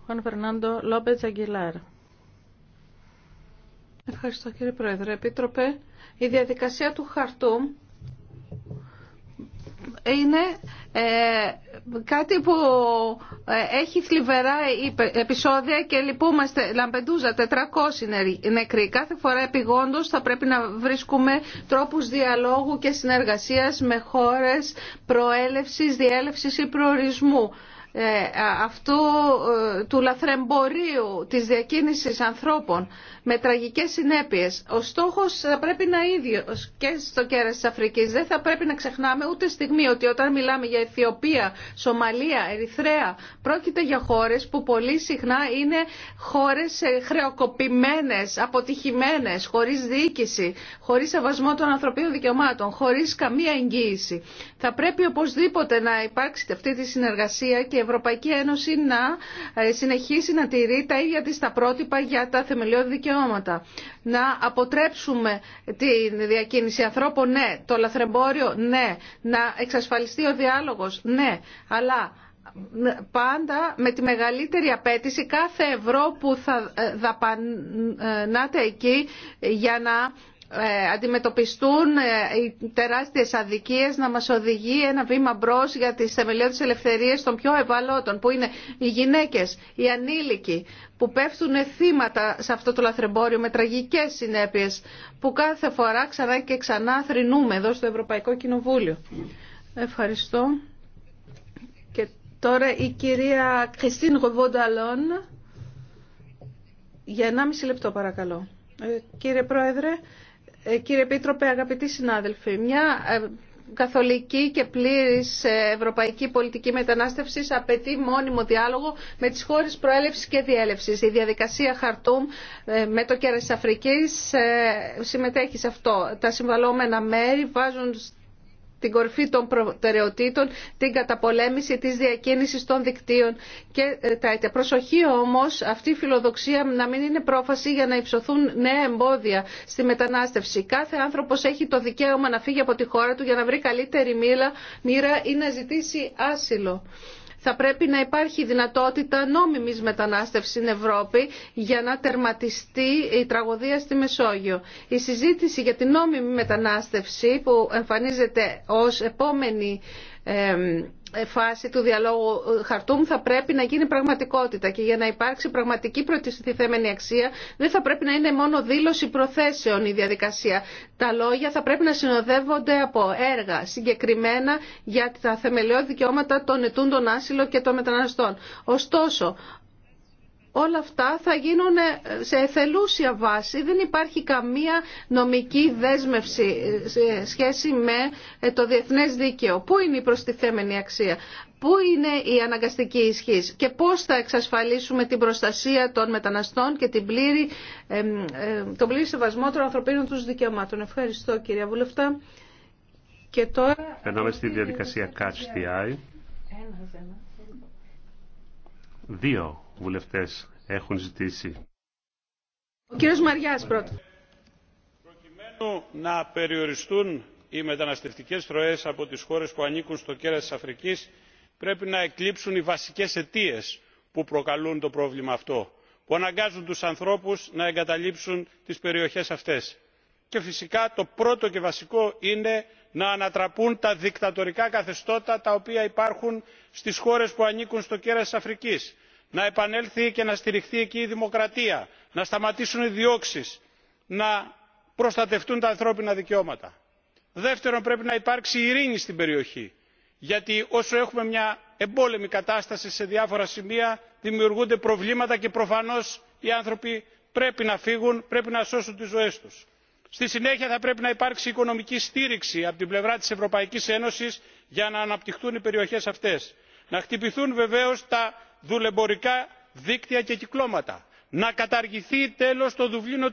Χωάν Φερνάντο Λόπετ Ευχαριστώ κύριε Πρόεδρε. Επίτροπε, η διαδικασία του χαρτού είναι ε, κάτι που ε, έχει θλιβερά επεισόδια και λυπούμαστε. Λαμπεντούζα, 400 νεκροί. Κάθε φορά επιγόντως θα πρέπει να βρίσκουμε τρόπους διαλόγου και συνεργασίας με χώρες προέλευσης, διέλευσης ή προορισμού. Ε, αυτού ε, του λαθρεμπορίου, της διακίνησης ανθρώπων με τραγικές συνέπειες. Ο στόχος θα πρέπει να ίδιος και στο κέρα της Αφρικής. Δεν θα πρέπει να ξεχνάμε ούτε στιγμή ότι όταν μιλάμε για Αιθιοπία, Σομαλία, Ερυθρέα, πρόκειται για χώρες που πολύ συχνά είναι χώρες ε, χρεοκοπημένες, αποτυχημένες, χωρίς διοίκηση, χωρίς σεβασμό των ανθρωπίνων δικαιωμάτων, χωρίς καμία εγγύηση. Θα πρέπει οπωσδήποτε να υπάρξει αυτή τη συνεργασία και η Ευρωπαϊκή Ένωση να ε, συνεχίσει να τηρεί τα ίδια της πρότυπα για τα θεμελιώδη δικαιώματα να αποτρέψουμε τη διακίνηση ανθρώπων, ναι. Το λαθρεμπόριο, ναι. Να εξασφαλιστεί ο διάλογος, ναι. Αλλά πάντα με τη μεγαλύτερη απέτηση κάθε ευρώ που θα ε, δαπανάτε εκεί για να ε, αντιμετωπιστούν ε, οι τεράστιες αδικίες να μας οδηγεί ένα βήμα μπρο για τις θεμελιώδεις ελευθερίες των πιο ευαλώτων που είναι οι γυναίκες, οι ανήλικοι που πέφτουν θύματα σε αυτό το λαθρεμπόριο με τραγικές συνέπειες που κάθε φορά ξανά και ξανά θρυνούμε εδώ στο Ευρωπαϊκό Κοινοβούλιο. Ευχαριστώ. Και τώρα η κυρία Κριστίν Γοβονταλών για 1,5 λεπτό παρακαλώ. Ε, κύριε Πρόεδρε, ε, κύριε Επίτροπε, αγαπητοί συνάδελφοι, μια ε, καθολική και πλήρης ε, ευρωπαϊκή πολιτική μετανάστευση απαιτεί μόνιμο διάλογο με τις χώρες προέλευσης και διέλευσης. Η διαδικασία Χαρτούμ με το κέρας της Αφρικής συμμετέχει σε αυτό. Τα συμβαλόμενα μέρη βάζουν την κορφή των προτεραιοτήτων, την καταπολέμηση της διακίνησης των δικτύων και ε, τα αίτια. Προσοχή όμως αυτή η φιλοδοξία να μην είναι πρόφαση για να υψωθούν νέα εμπόδια στη μετανάστευση. Κάθε άνθρωπος έχει το δικαίωμα να φύγει από τη χώρα του για να βρει καλύτερη μοίρα ή να ζητήσει άσυλο θα πρέπει να υπάρχει δυνατότητα νόμιμης μετανάστευσης στην Ευρώπη για να τερματιστεί η τραγωδία στη Μεσόγειο. Η συζήτηση για την νόμιμη μετανάστευση που εμφανίζεται ως επόμενη ε, φάση του διαλόγου ε, Χαρτούμ θα πρέπει να γίνει πραγματικότητα και για να υπάρξει πραγματική προτιθέμενη αξία δεν θα πρέπει να είναι μόνο δήλωση προθέσεων η διαδικασία. Τα λόγια θα πρέπει να συνοδεύονται από έργα συγκεκριμένα για τα θεμελιώδη δικαιώματα των ετούντων άσυλων και των μεταναστών. Ωστόσο, όλα αυτά θα γίνουν ε, σε εθελούσια βάση. Δεν υπάρχει καμία νομική δέσμευση σε ε, σχέση με ε, το διεθνές δίκαιο. Πού είναι η προστιθέμενη αξία, πού είναι η αναγκαστική ισχύ και πώς θα εξασφαλίσουμε την προστασία των μεταναστών και την πλήρη, τον πλήρη σεβασμό των ανθρωπίνων του δικαιωμάτων. Ευχαριστώ κυρία Βουλευτά. Και Περνάμε στη διαδικασία Catch the Eye. Δύο βουλευτές έχουν ζητήσει. Ο κύριος Μαριάς πρώτο. Προκειμένου να περιοριστούν οι μεταναστευτικές τροές από τις χώρες που ανήκουν στο κέρας της Αφρικής, πρέπει να εκλείψουν οι βασικές αιτίε που προκαλούν το πρόβλημα αυτό, που αναγκάζουν τους ανθρώπους να εγκαταλείψουν τις περιοχές αυτές. Και φυσικά το πρώτο και βασικό είναι να ανατραπούν τα δικτατορικά καθεστώτα τα οποία υπάρχουν στις χώρες που ανήκουν στο κέρας της Αφρικής να επανέλθει και να στηριχθεί εκεί η δημοκρατία να σταματήσουν οι διώξεις να προστατευτούν τα ανθρώπινα δικαιώματα. δεύτερον πρέπει να υπάρξει ειρήνη στην περιοχή γιατί όσο έχουμε μια εμπόλεμη κατάσταση σε διάφορα σημεία δημιουργούνται προβλήματα και προφανώς οι άνθρωποι πρέπει να φύγουν πρέπει να σώσουν τις ζωές τους. στη συνέχεια θα πρέπει να υπάρξει οικονομική στήριξη από την πλευρά της ευρωπαϊκής ένωσης για να αναπτυχθούν οι περιοχές αυτές. να χτυπηθούν βεβαίω τα δουλεμπορικά δίκτυα και κυκλώματα. να καταργηθεί τέλος το δουβλίνο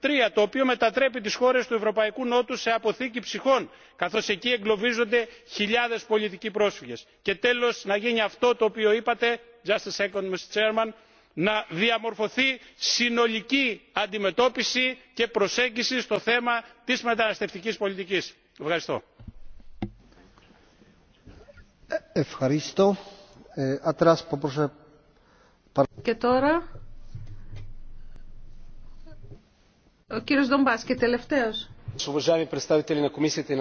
τρία το οποίο μετατρέπει τις χώρες του ευρωπαϊκού νότου σε αποθήκη ψυχών καθώς εκεί εγκλωβίζονται χιλιάδες πολιτικοί πρόσφυγες. και τέλος να γίνει αυτό το οποίο είπατε να διαμορφωθεί συνολική αντιμετώπιση και προσέγγιση στο θέμα της μεταναστευτικής πολιτικής. ευχαριστώ. Ε, ε, και τώρα ο κύριος Ντομπάς και τελευταίος. Ε, ε,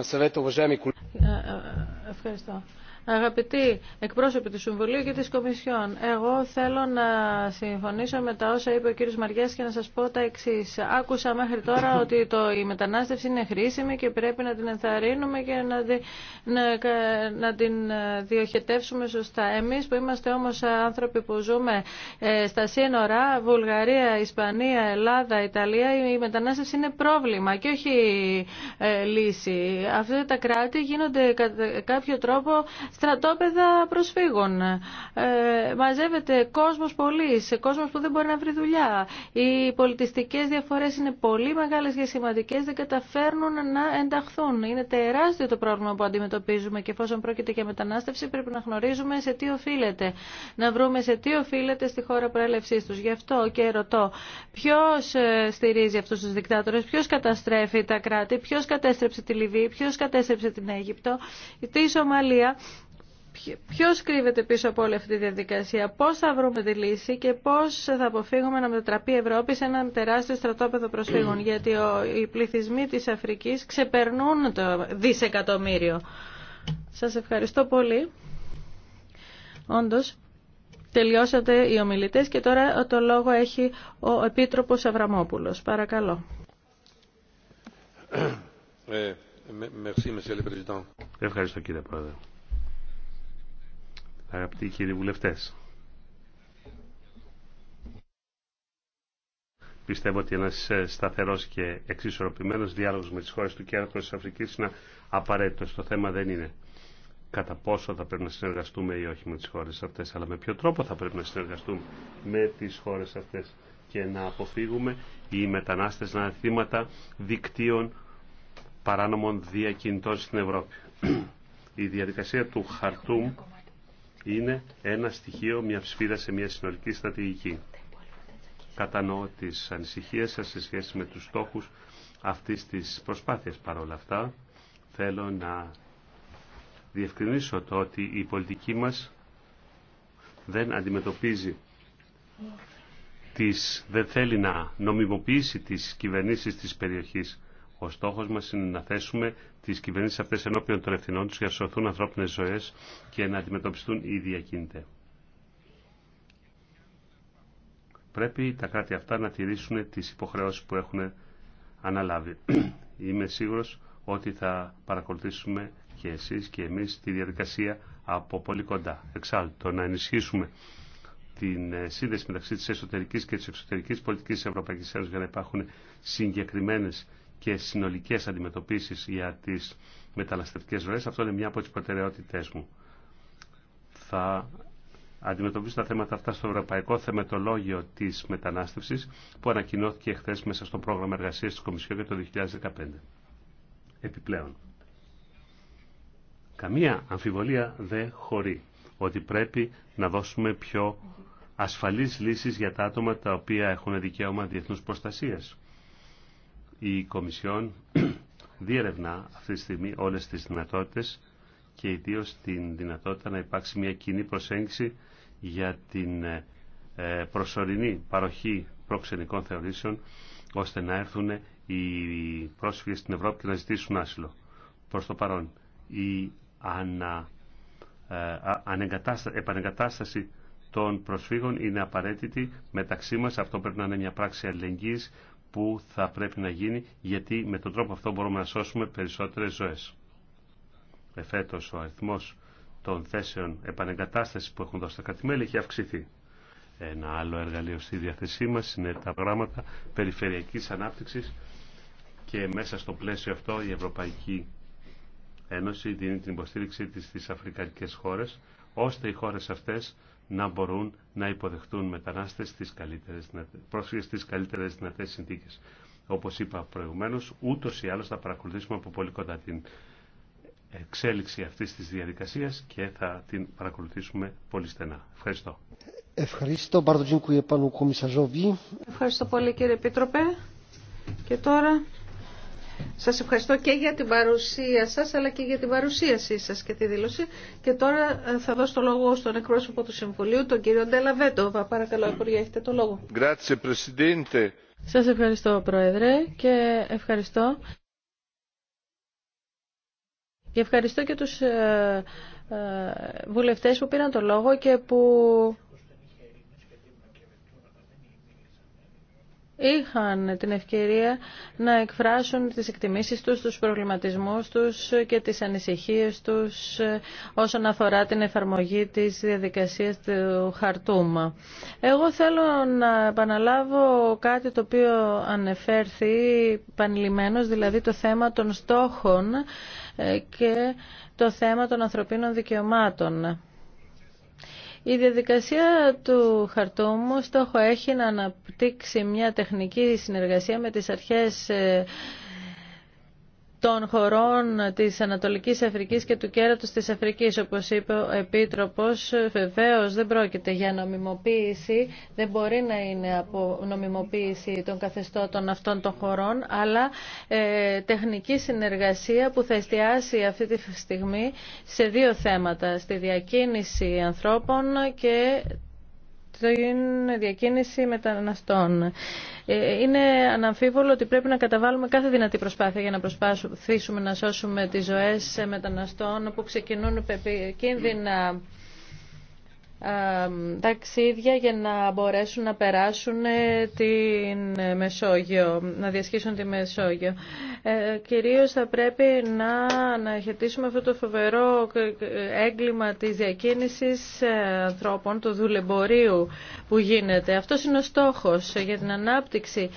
ευχαριστώ. Αγαπητοί εκπρόσωποι του Συμβουλίου και της Κομισιόν, εγώ θέλω να συμφωνήσω με τα όσα είπε ο κύριος Μαριάς και να σας πω τα εξή. Άκουσα μέχρι τώρα ότι το, η μετανάστευση είναι χρήσιμη και πρέπει να την ενθαρρύνουμε και να, να, να την διοχετεύσουμε σωστά. Εμείς που είμαστε όμως άνθρωποι που ζούμε ε, στα σύνορα, Βουλγαρία, Ισπανία, Ελλάδα, Ιταλία, η μετανάστευση είναι πρόβλημα και όχι ε, λύση. Αυτά τα κράτη γίνονται κατά κάποιο τρόπο στρατόπεδα προσφύγων. Ε, μαζεύεται κόσμος πολύ, σε κόσμος που δεν μπορεί να βρει δουλειά. Οι πολιτιστικές διαφορές είναι πολύ μεγάλες και σημαντικές, δεν καταφέρνουν να ενταχθούν. Είναι τεράστιο το πρόβλημα που αντιμετωπίζουμε και εφόσον πρόκειται για μετανάστευση πρέπει να γνωρίζουμε σε τι οφείλεται. Να βρούμε σε τι οφείλεται στη χώρα προέλευσής του. Γι' αυτό και ρωτώ, ποιος ε, στηρίζει αυτούς τους δικτάτορες, ποιος καταστρέφει τα κράτη, ποιο κατέστρεψε τη Λιβύη, ποιο κατέστρεψε την Αίγυπτο, τη Σομαλία Ποιο κρύβεται πίσω από όλη αυτή τη διαδικασία, πώς θα βρούμε τη λύση και πώς θα αποφύγουμε να μετατραπεί η Ευρώπη σε ένα τεράστιο στρατόπεδο προσφύγων, γιατί οι πληθυσμοί της Αφρικής ξεπερνούν το δισεκατομμύριο. Σας ευχαριστώ πολύ. Όντως, τελειώσατε οι ομιλητές και τώρα το λόγο έχει ο επίτροπο Αβραμόπουλος. Παρακαλώ. Ε, ευχαριστώ κύριε Πρόεδρε αγαπητοί κύριοι βουλευτές. Πιστεύω ότι ένας ε, σταθερός και εξισορροπημένος διάλογος με τις χώρες του κέρατο της Αφρικής είναι απαραίτητος. Το θέμα δεν είναι κατά πόσο θα πρέπει να συνεργαστούμε ή όχι με τις χώρες αυτές, αλλά με ποιο τρόπο θα πρέπει να συνεργαστούμε με τις χώρες αυτές και να αποφύγουμε οι μετανάστες να είναι θύματα δικτύων παράνομων διακινητών στην Ευρώπη. Η διαδικασία του Χαρτούμ είναι ένα στοιχείο, μια σφίδα σε μια συνολική στρατηγική. Κατανοώ τις ανησυχίες σας σε σχέση με τους στόχους αυτής της προσπάθειας. Παρ' όλα αυτά, θέλω να διευκρινίσω το ότι η πολιτική μας δεν αντιμετωπίζει τις, δεν θέλει να νομιμοποιήσει τις κυβερνήσεις της περιοχής ο στόχο μα είναι να θέσουμε τι κυβερνήσει αυτέ ενώπιον των ευθυνών του για να σωθούν ανθρώπινε ζωέ και να αντιμετωπιστούν οι διακίνητε. Πρέπει τα κράτη αυτά να τηρήσουν τι υποχρεώσει που έχουν αναλάβει. Είμαι σίγουρο ότι θα παρακολουθήσουμε και εσεί και εμεί τη διαδικασία από πολύ κοντά. Εξάλλου, το να ενισχύσουμε την ε, σύνδεση μεταξύ τη εσωτερική και τη εξωτερική πολιτική της Ευρωπαϊκής Ένωσης για να υπάρχουν συγκεκριμένε και συνολικές αντιμετωπίσεις για τις μεταναστευτικές ροές. Αυτό είναι μια από τις προτεραιότητές μου. Θα αντιμετωπίσω τα θέματα αυτά στο Ευρωπαϊκό Θεμετολόγιο της Μετανάστευσης που ανακοινώθηκε χθε μέσα στο πρόγραμμα εργασίας της Κομισιόν για το 2015. Επιπλέον. Καμία αμφιβολία δεν χωρεί ότι πρέπει να δώσουμε πιο ασφαλείς λύσεις για τα άτομα τα οποία έχουν δικαίωμα διεθνούς προστασίας. Η Κομισιόν διερευνά αυτή τη στιγμή όλες τις δυνατότητες και ιδίως την δυνατότητα να υπάρξει μια κοινή προσέγγιση για την ε, προσωρινή παροχή προξενικών θεωρήσεων ώστε να έρθουν οι πρόσφυγες στην Ευρώπη και να ζητήσουν άσυλο. Προς το παρόν, η ανα, ε, επανεγκατάσταση των προσφύγων είναι απαραίτητη μεταξύ μας. Αυτό πρέπει να είναι μια πράξη αλληλεγγύης που θα πρέπει να γίνει, γιατί με τον τρόπο αυτό μπορούμε να σώσουμε περισσότερες ζωές. Εφέτος ο αριθμός των θέσεων επανεγκατάστασης που έχουν δώσει τα κατημέλη έχει αυξηθεί. Ένα άλλο εργαλείο στη διάθεσή μα είναι τα προγράμματα περιφερειακής ανάπτυξης και μέσα στο πλαίσιο αυτό η Ευρωπαϊκή Ένωση δίνει την υποστήριξή τη στις αφρικανικές χώρες, ώστε οι χώρες αυτές να μπορούν να υποδεχτούν μετανάστες στις καλύτερες, πρόσφυγες στις καλύτερες δυνατές Όπως είπα προηγουμένως, ούτως ή άλλως θα παρακολουθήσουμε από πολύ κοντά την εξέλιξη αυτής της διαδικασίας και θα την παρακολουθήσουμε πολύ στενά. Ευχαριστώ. Ευχαριστώ, Ευχαριστώ πολύ κύριε Επίτροπε. Και τώρα σας ευχαριστώ και για την παρουσία σας, αλλά και για την παρουσίασή σας και τη δήλωση. Και τώρα ε, θα δώσω το λόγο στον εκπρόσωπο του Συμβουλίου, τον κύριο Ντέλα Παρακαλώ, Υπουργέ, έχετε το λόγο. Σας ευχαριστώ, Πρόεδρε, και ευχαριστώ. Και ευχαριστώ και τους ε, ε, βουλευτές που πήραν το λόγο και που είχαν την ευκαιρία να εκφράσουν τις εκτιμήσεις τους, τους προβληματισμούς τους και τις ανησυχίες τους όσον αφορά την εφαρμογή της διαδικασίας του Χαρτούμα. Εγώ θέλω να επαναλάβω κάτι το οποίο ανεφέρθη πανλημένος, δηλαδή το θέμα των στόχων και το θέμα των ανθρωπίνων δικαιωμάτων. Η διαδικασία του μου στόχο έχει να αναπτύξει μια τεχνική συνεργασία με τις αρχές ε, των χωρών της Ανατολικής Αφρικής και του κέρατος της Αφρικής. Όπως είπε ο Επίτροπος, βεβαίω δεν πρόκειται για νομιμοποίηση, δεν μπορεί να είναι από νομιμοποίηση των καθεστώτων αυτών των χωρών, αλλά ε, τεχνική συνεργασία που θα εστιάσει αυτή τη στιγμή σε δύο θέματα, στη διακίνηση ανθρώπων και στην διακίνηση μεταναστών. Ε, είναι αναμφίβολο ότι πρέπει να καταβάλουμε κάθε δυνατή προσπάθεια για να προσπαθήσουμε να σώσουμε τις ζωές μεταναστών που ξεκινούν επικίνδυνα ε, ταξίδια για να μπορέσουν να περάσουν ε, την Μεσόγειο, να διασχίσουν τη Μεσόγειο. Ε, κυρίως θα πρέπει να αναχαιτήσουμε αυτό το φοβερό έγκλημα της διακίνησης ανθρώπων, του δουλεμπορίου που γίνεται. αυτός είναι ο στόχος για την ανάπτυξη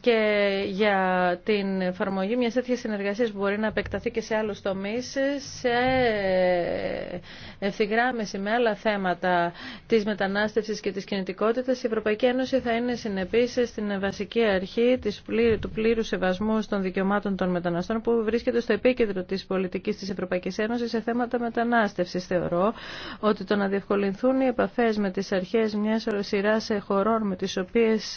και για την εφαρμογή μιας τέτοιας συνεργασίας που μπορεί να επεκταθεί και σε άλλους τομείς σε ευθυγράμμιση με άλλα θέματα της μετανάστευσης και της κινητικότητας η Ευρωπαϊκή Ένωση θα είναι συνεπής στην βασική αρχή της πλήρου, του πλήρου σεβασμού των δικαιωμάτων των μεταναστών που βρίσκεται στο επίκεντρο της πολιτικής της Ευρωπαϊκής Ένωσης σε θέματα μετανάστευσης. Θεωρώ ότι το να διευκολυνθούν οι επαφές με τις αρχές μιας σειράς χωρών με τις οποίες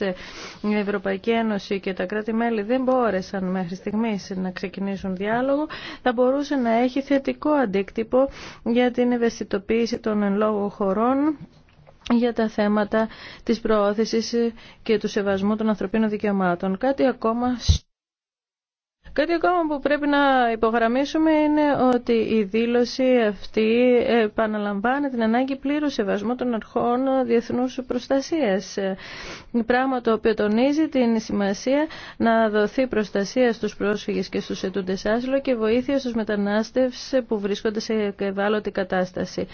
η Ευρωπαϊκή Ένωση και τα κράτη-μέλη δεν μπόρεσαν μέχρι στιγμής να ξεκινήσουν διάλογο, θα μπορούσε να έχει θετικό αντίκτυπο για την ευαισθητοποίηση των εν λόγω χωρών για τα θέματα της προώθησης και του σεβασμού των ανθρωπίνων δικαιωμάτων. Κάτι ακόμα Κάτι ακόμα που πρέπει να υπογραμμίσουμε είναι ότι η δήλωση αυτή επαναλαμβάνει την ανάγκη πλήρου σεβασμού των αρχών διεθνού προστασία. Πράγμα το οποίο τονίζει την σημασία να δοθεί προστασία στου πρόσφυγες και στου ετούντε άσυλο και βοήθεια στου μετανάστευς που βρίσκονται σε ευάλωτη κατάσταση.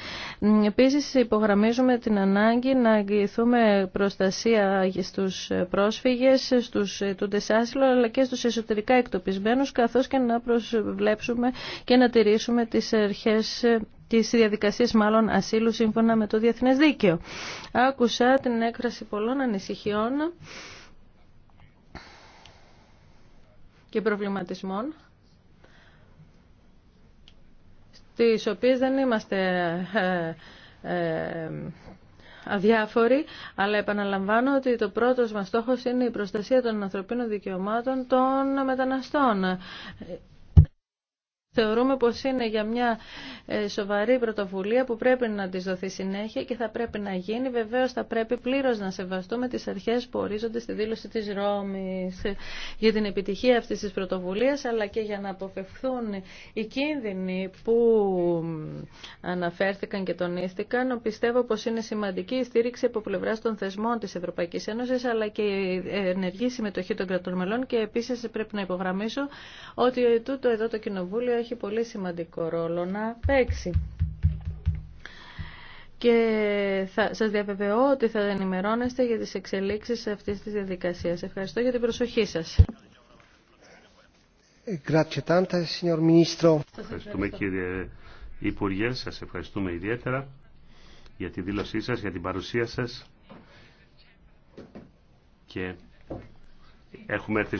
Επίση, υπογραμμίζουμε την ανάγκη να αγγιηθούμε προστασία στου πρόσφυγε στου ετούντε άσυλο αλλά και στου εσωτερικά εκτοπισμένου Καθώ καθώς και να προσβλέψουμε και να τηρήσουμε τις αρχές τις διαδικασίες μάλλον ασύλου σύμφωνα με το Διεθνές Δίκαιο. Άκουσα την έκφραση πολλών ανησυχιών και προβληματισμών τις οποίες δεν είμαστε ε, ε, αδιάφοροι, αλλά επαναλαμβάνω ότι το πρώτος μας στόχος είναι η προστασία των ανθρωπίνων δικαιωμάτων των μεταναστών. Θεωρούμε πως είναι για μια ε, σοβαρή πρωτοβουλία που πρέπει να της δοθεί συνέχεια και θα πρέπει να γίνει. Βεβαίως θα πρέπει πλήρως να σεβαστούμε τις αρχές που ορίζονται στη δήλωση της Ρώμης ε, για την επιτυχία αυτής της πρωτοβουλίας αλλά και για να αποφευθούν οι κίνδυνοι που αναφέρθηκαν και τονίστηκαν. Πιστεύω πως είναι σημαντική η στήριξη από πλευρά των θεσμών της Ευρωπαϊκής Ένωσης αλλά και η ενεργή συμμετοχή των κρατών μελών και επίσης πρέπει να υπογραμμίσω ότι τούτο εδώ το Κοινοβούλιο έχει πολύ σημαντικό ρόλο να παίξει. Και θα, σας διαβεβαιώ ότι θα ενημερώνεστε για τις εξελίξεις αυτής της διαδικασίας. Ευχαριστώ για την προσοχή σας. Ε, ευχαριστούμε κύριε Υπουργέ, σας ευχαριστούμε ιδιαίτερα για τη δήλωσή σας, για την παρουσία σας και έχουμε έρθει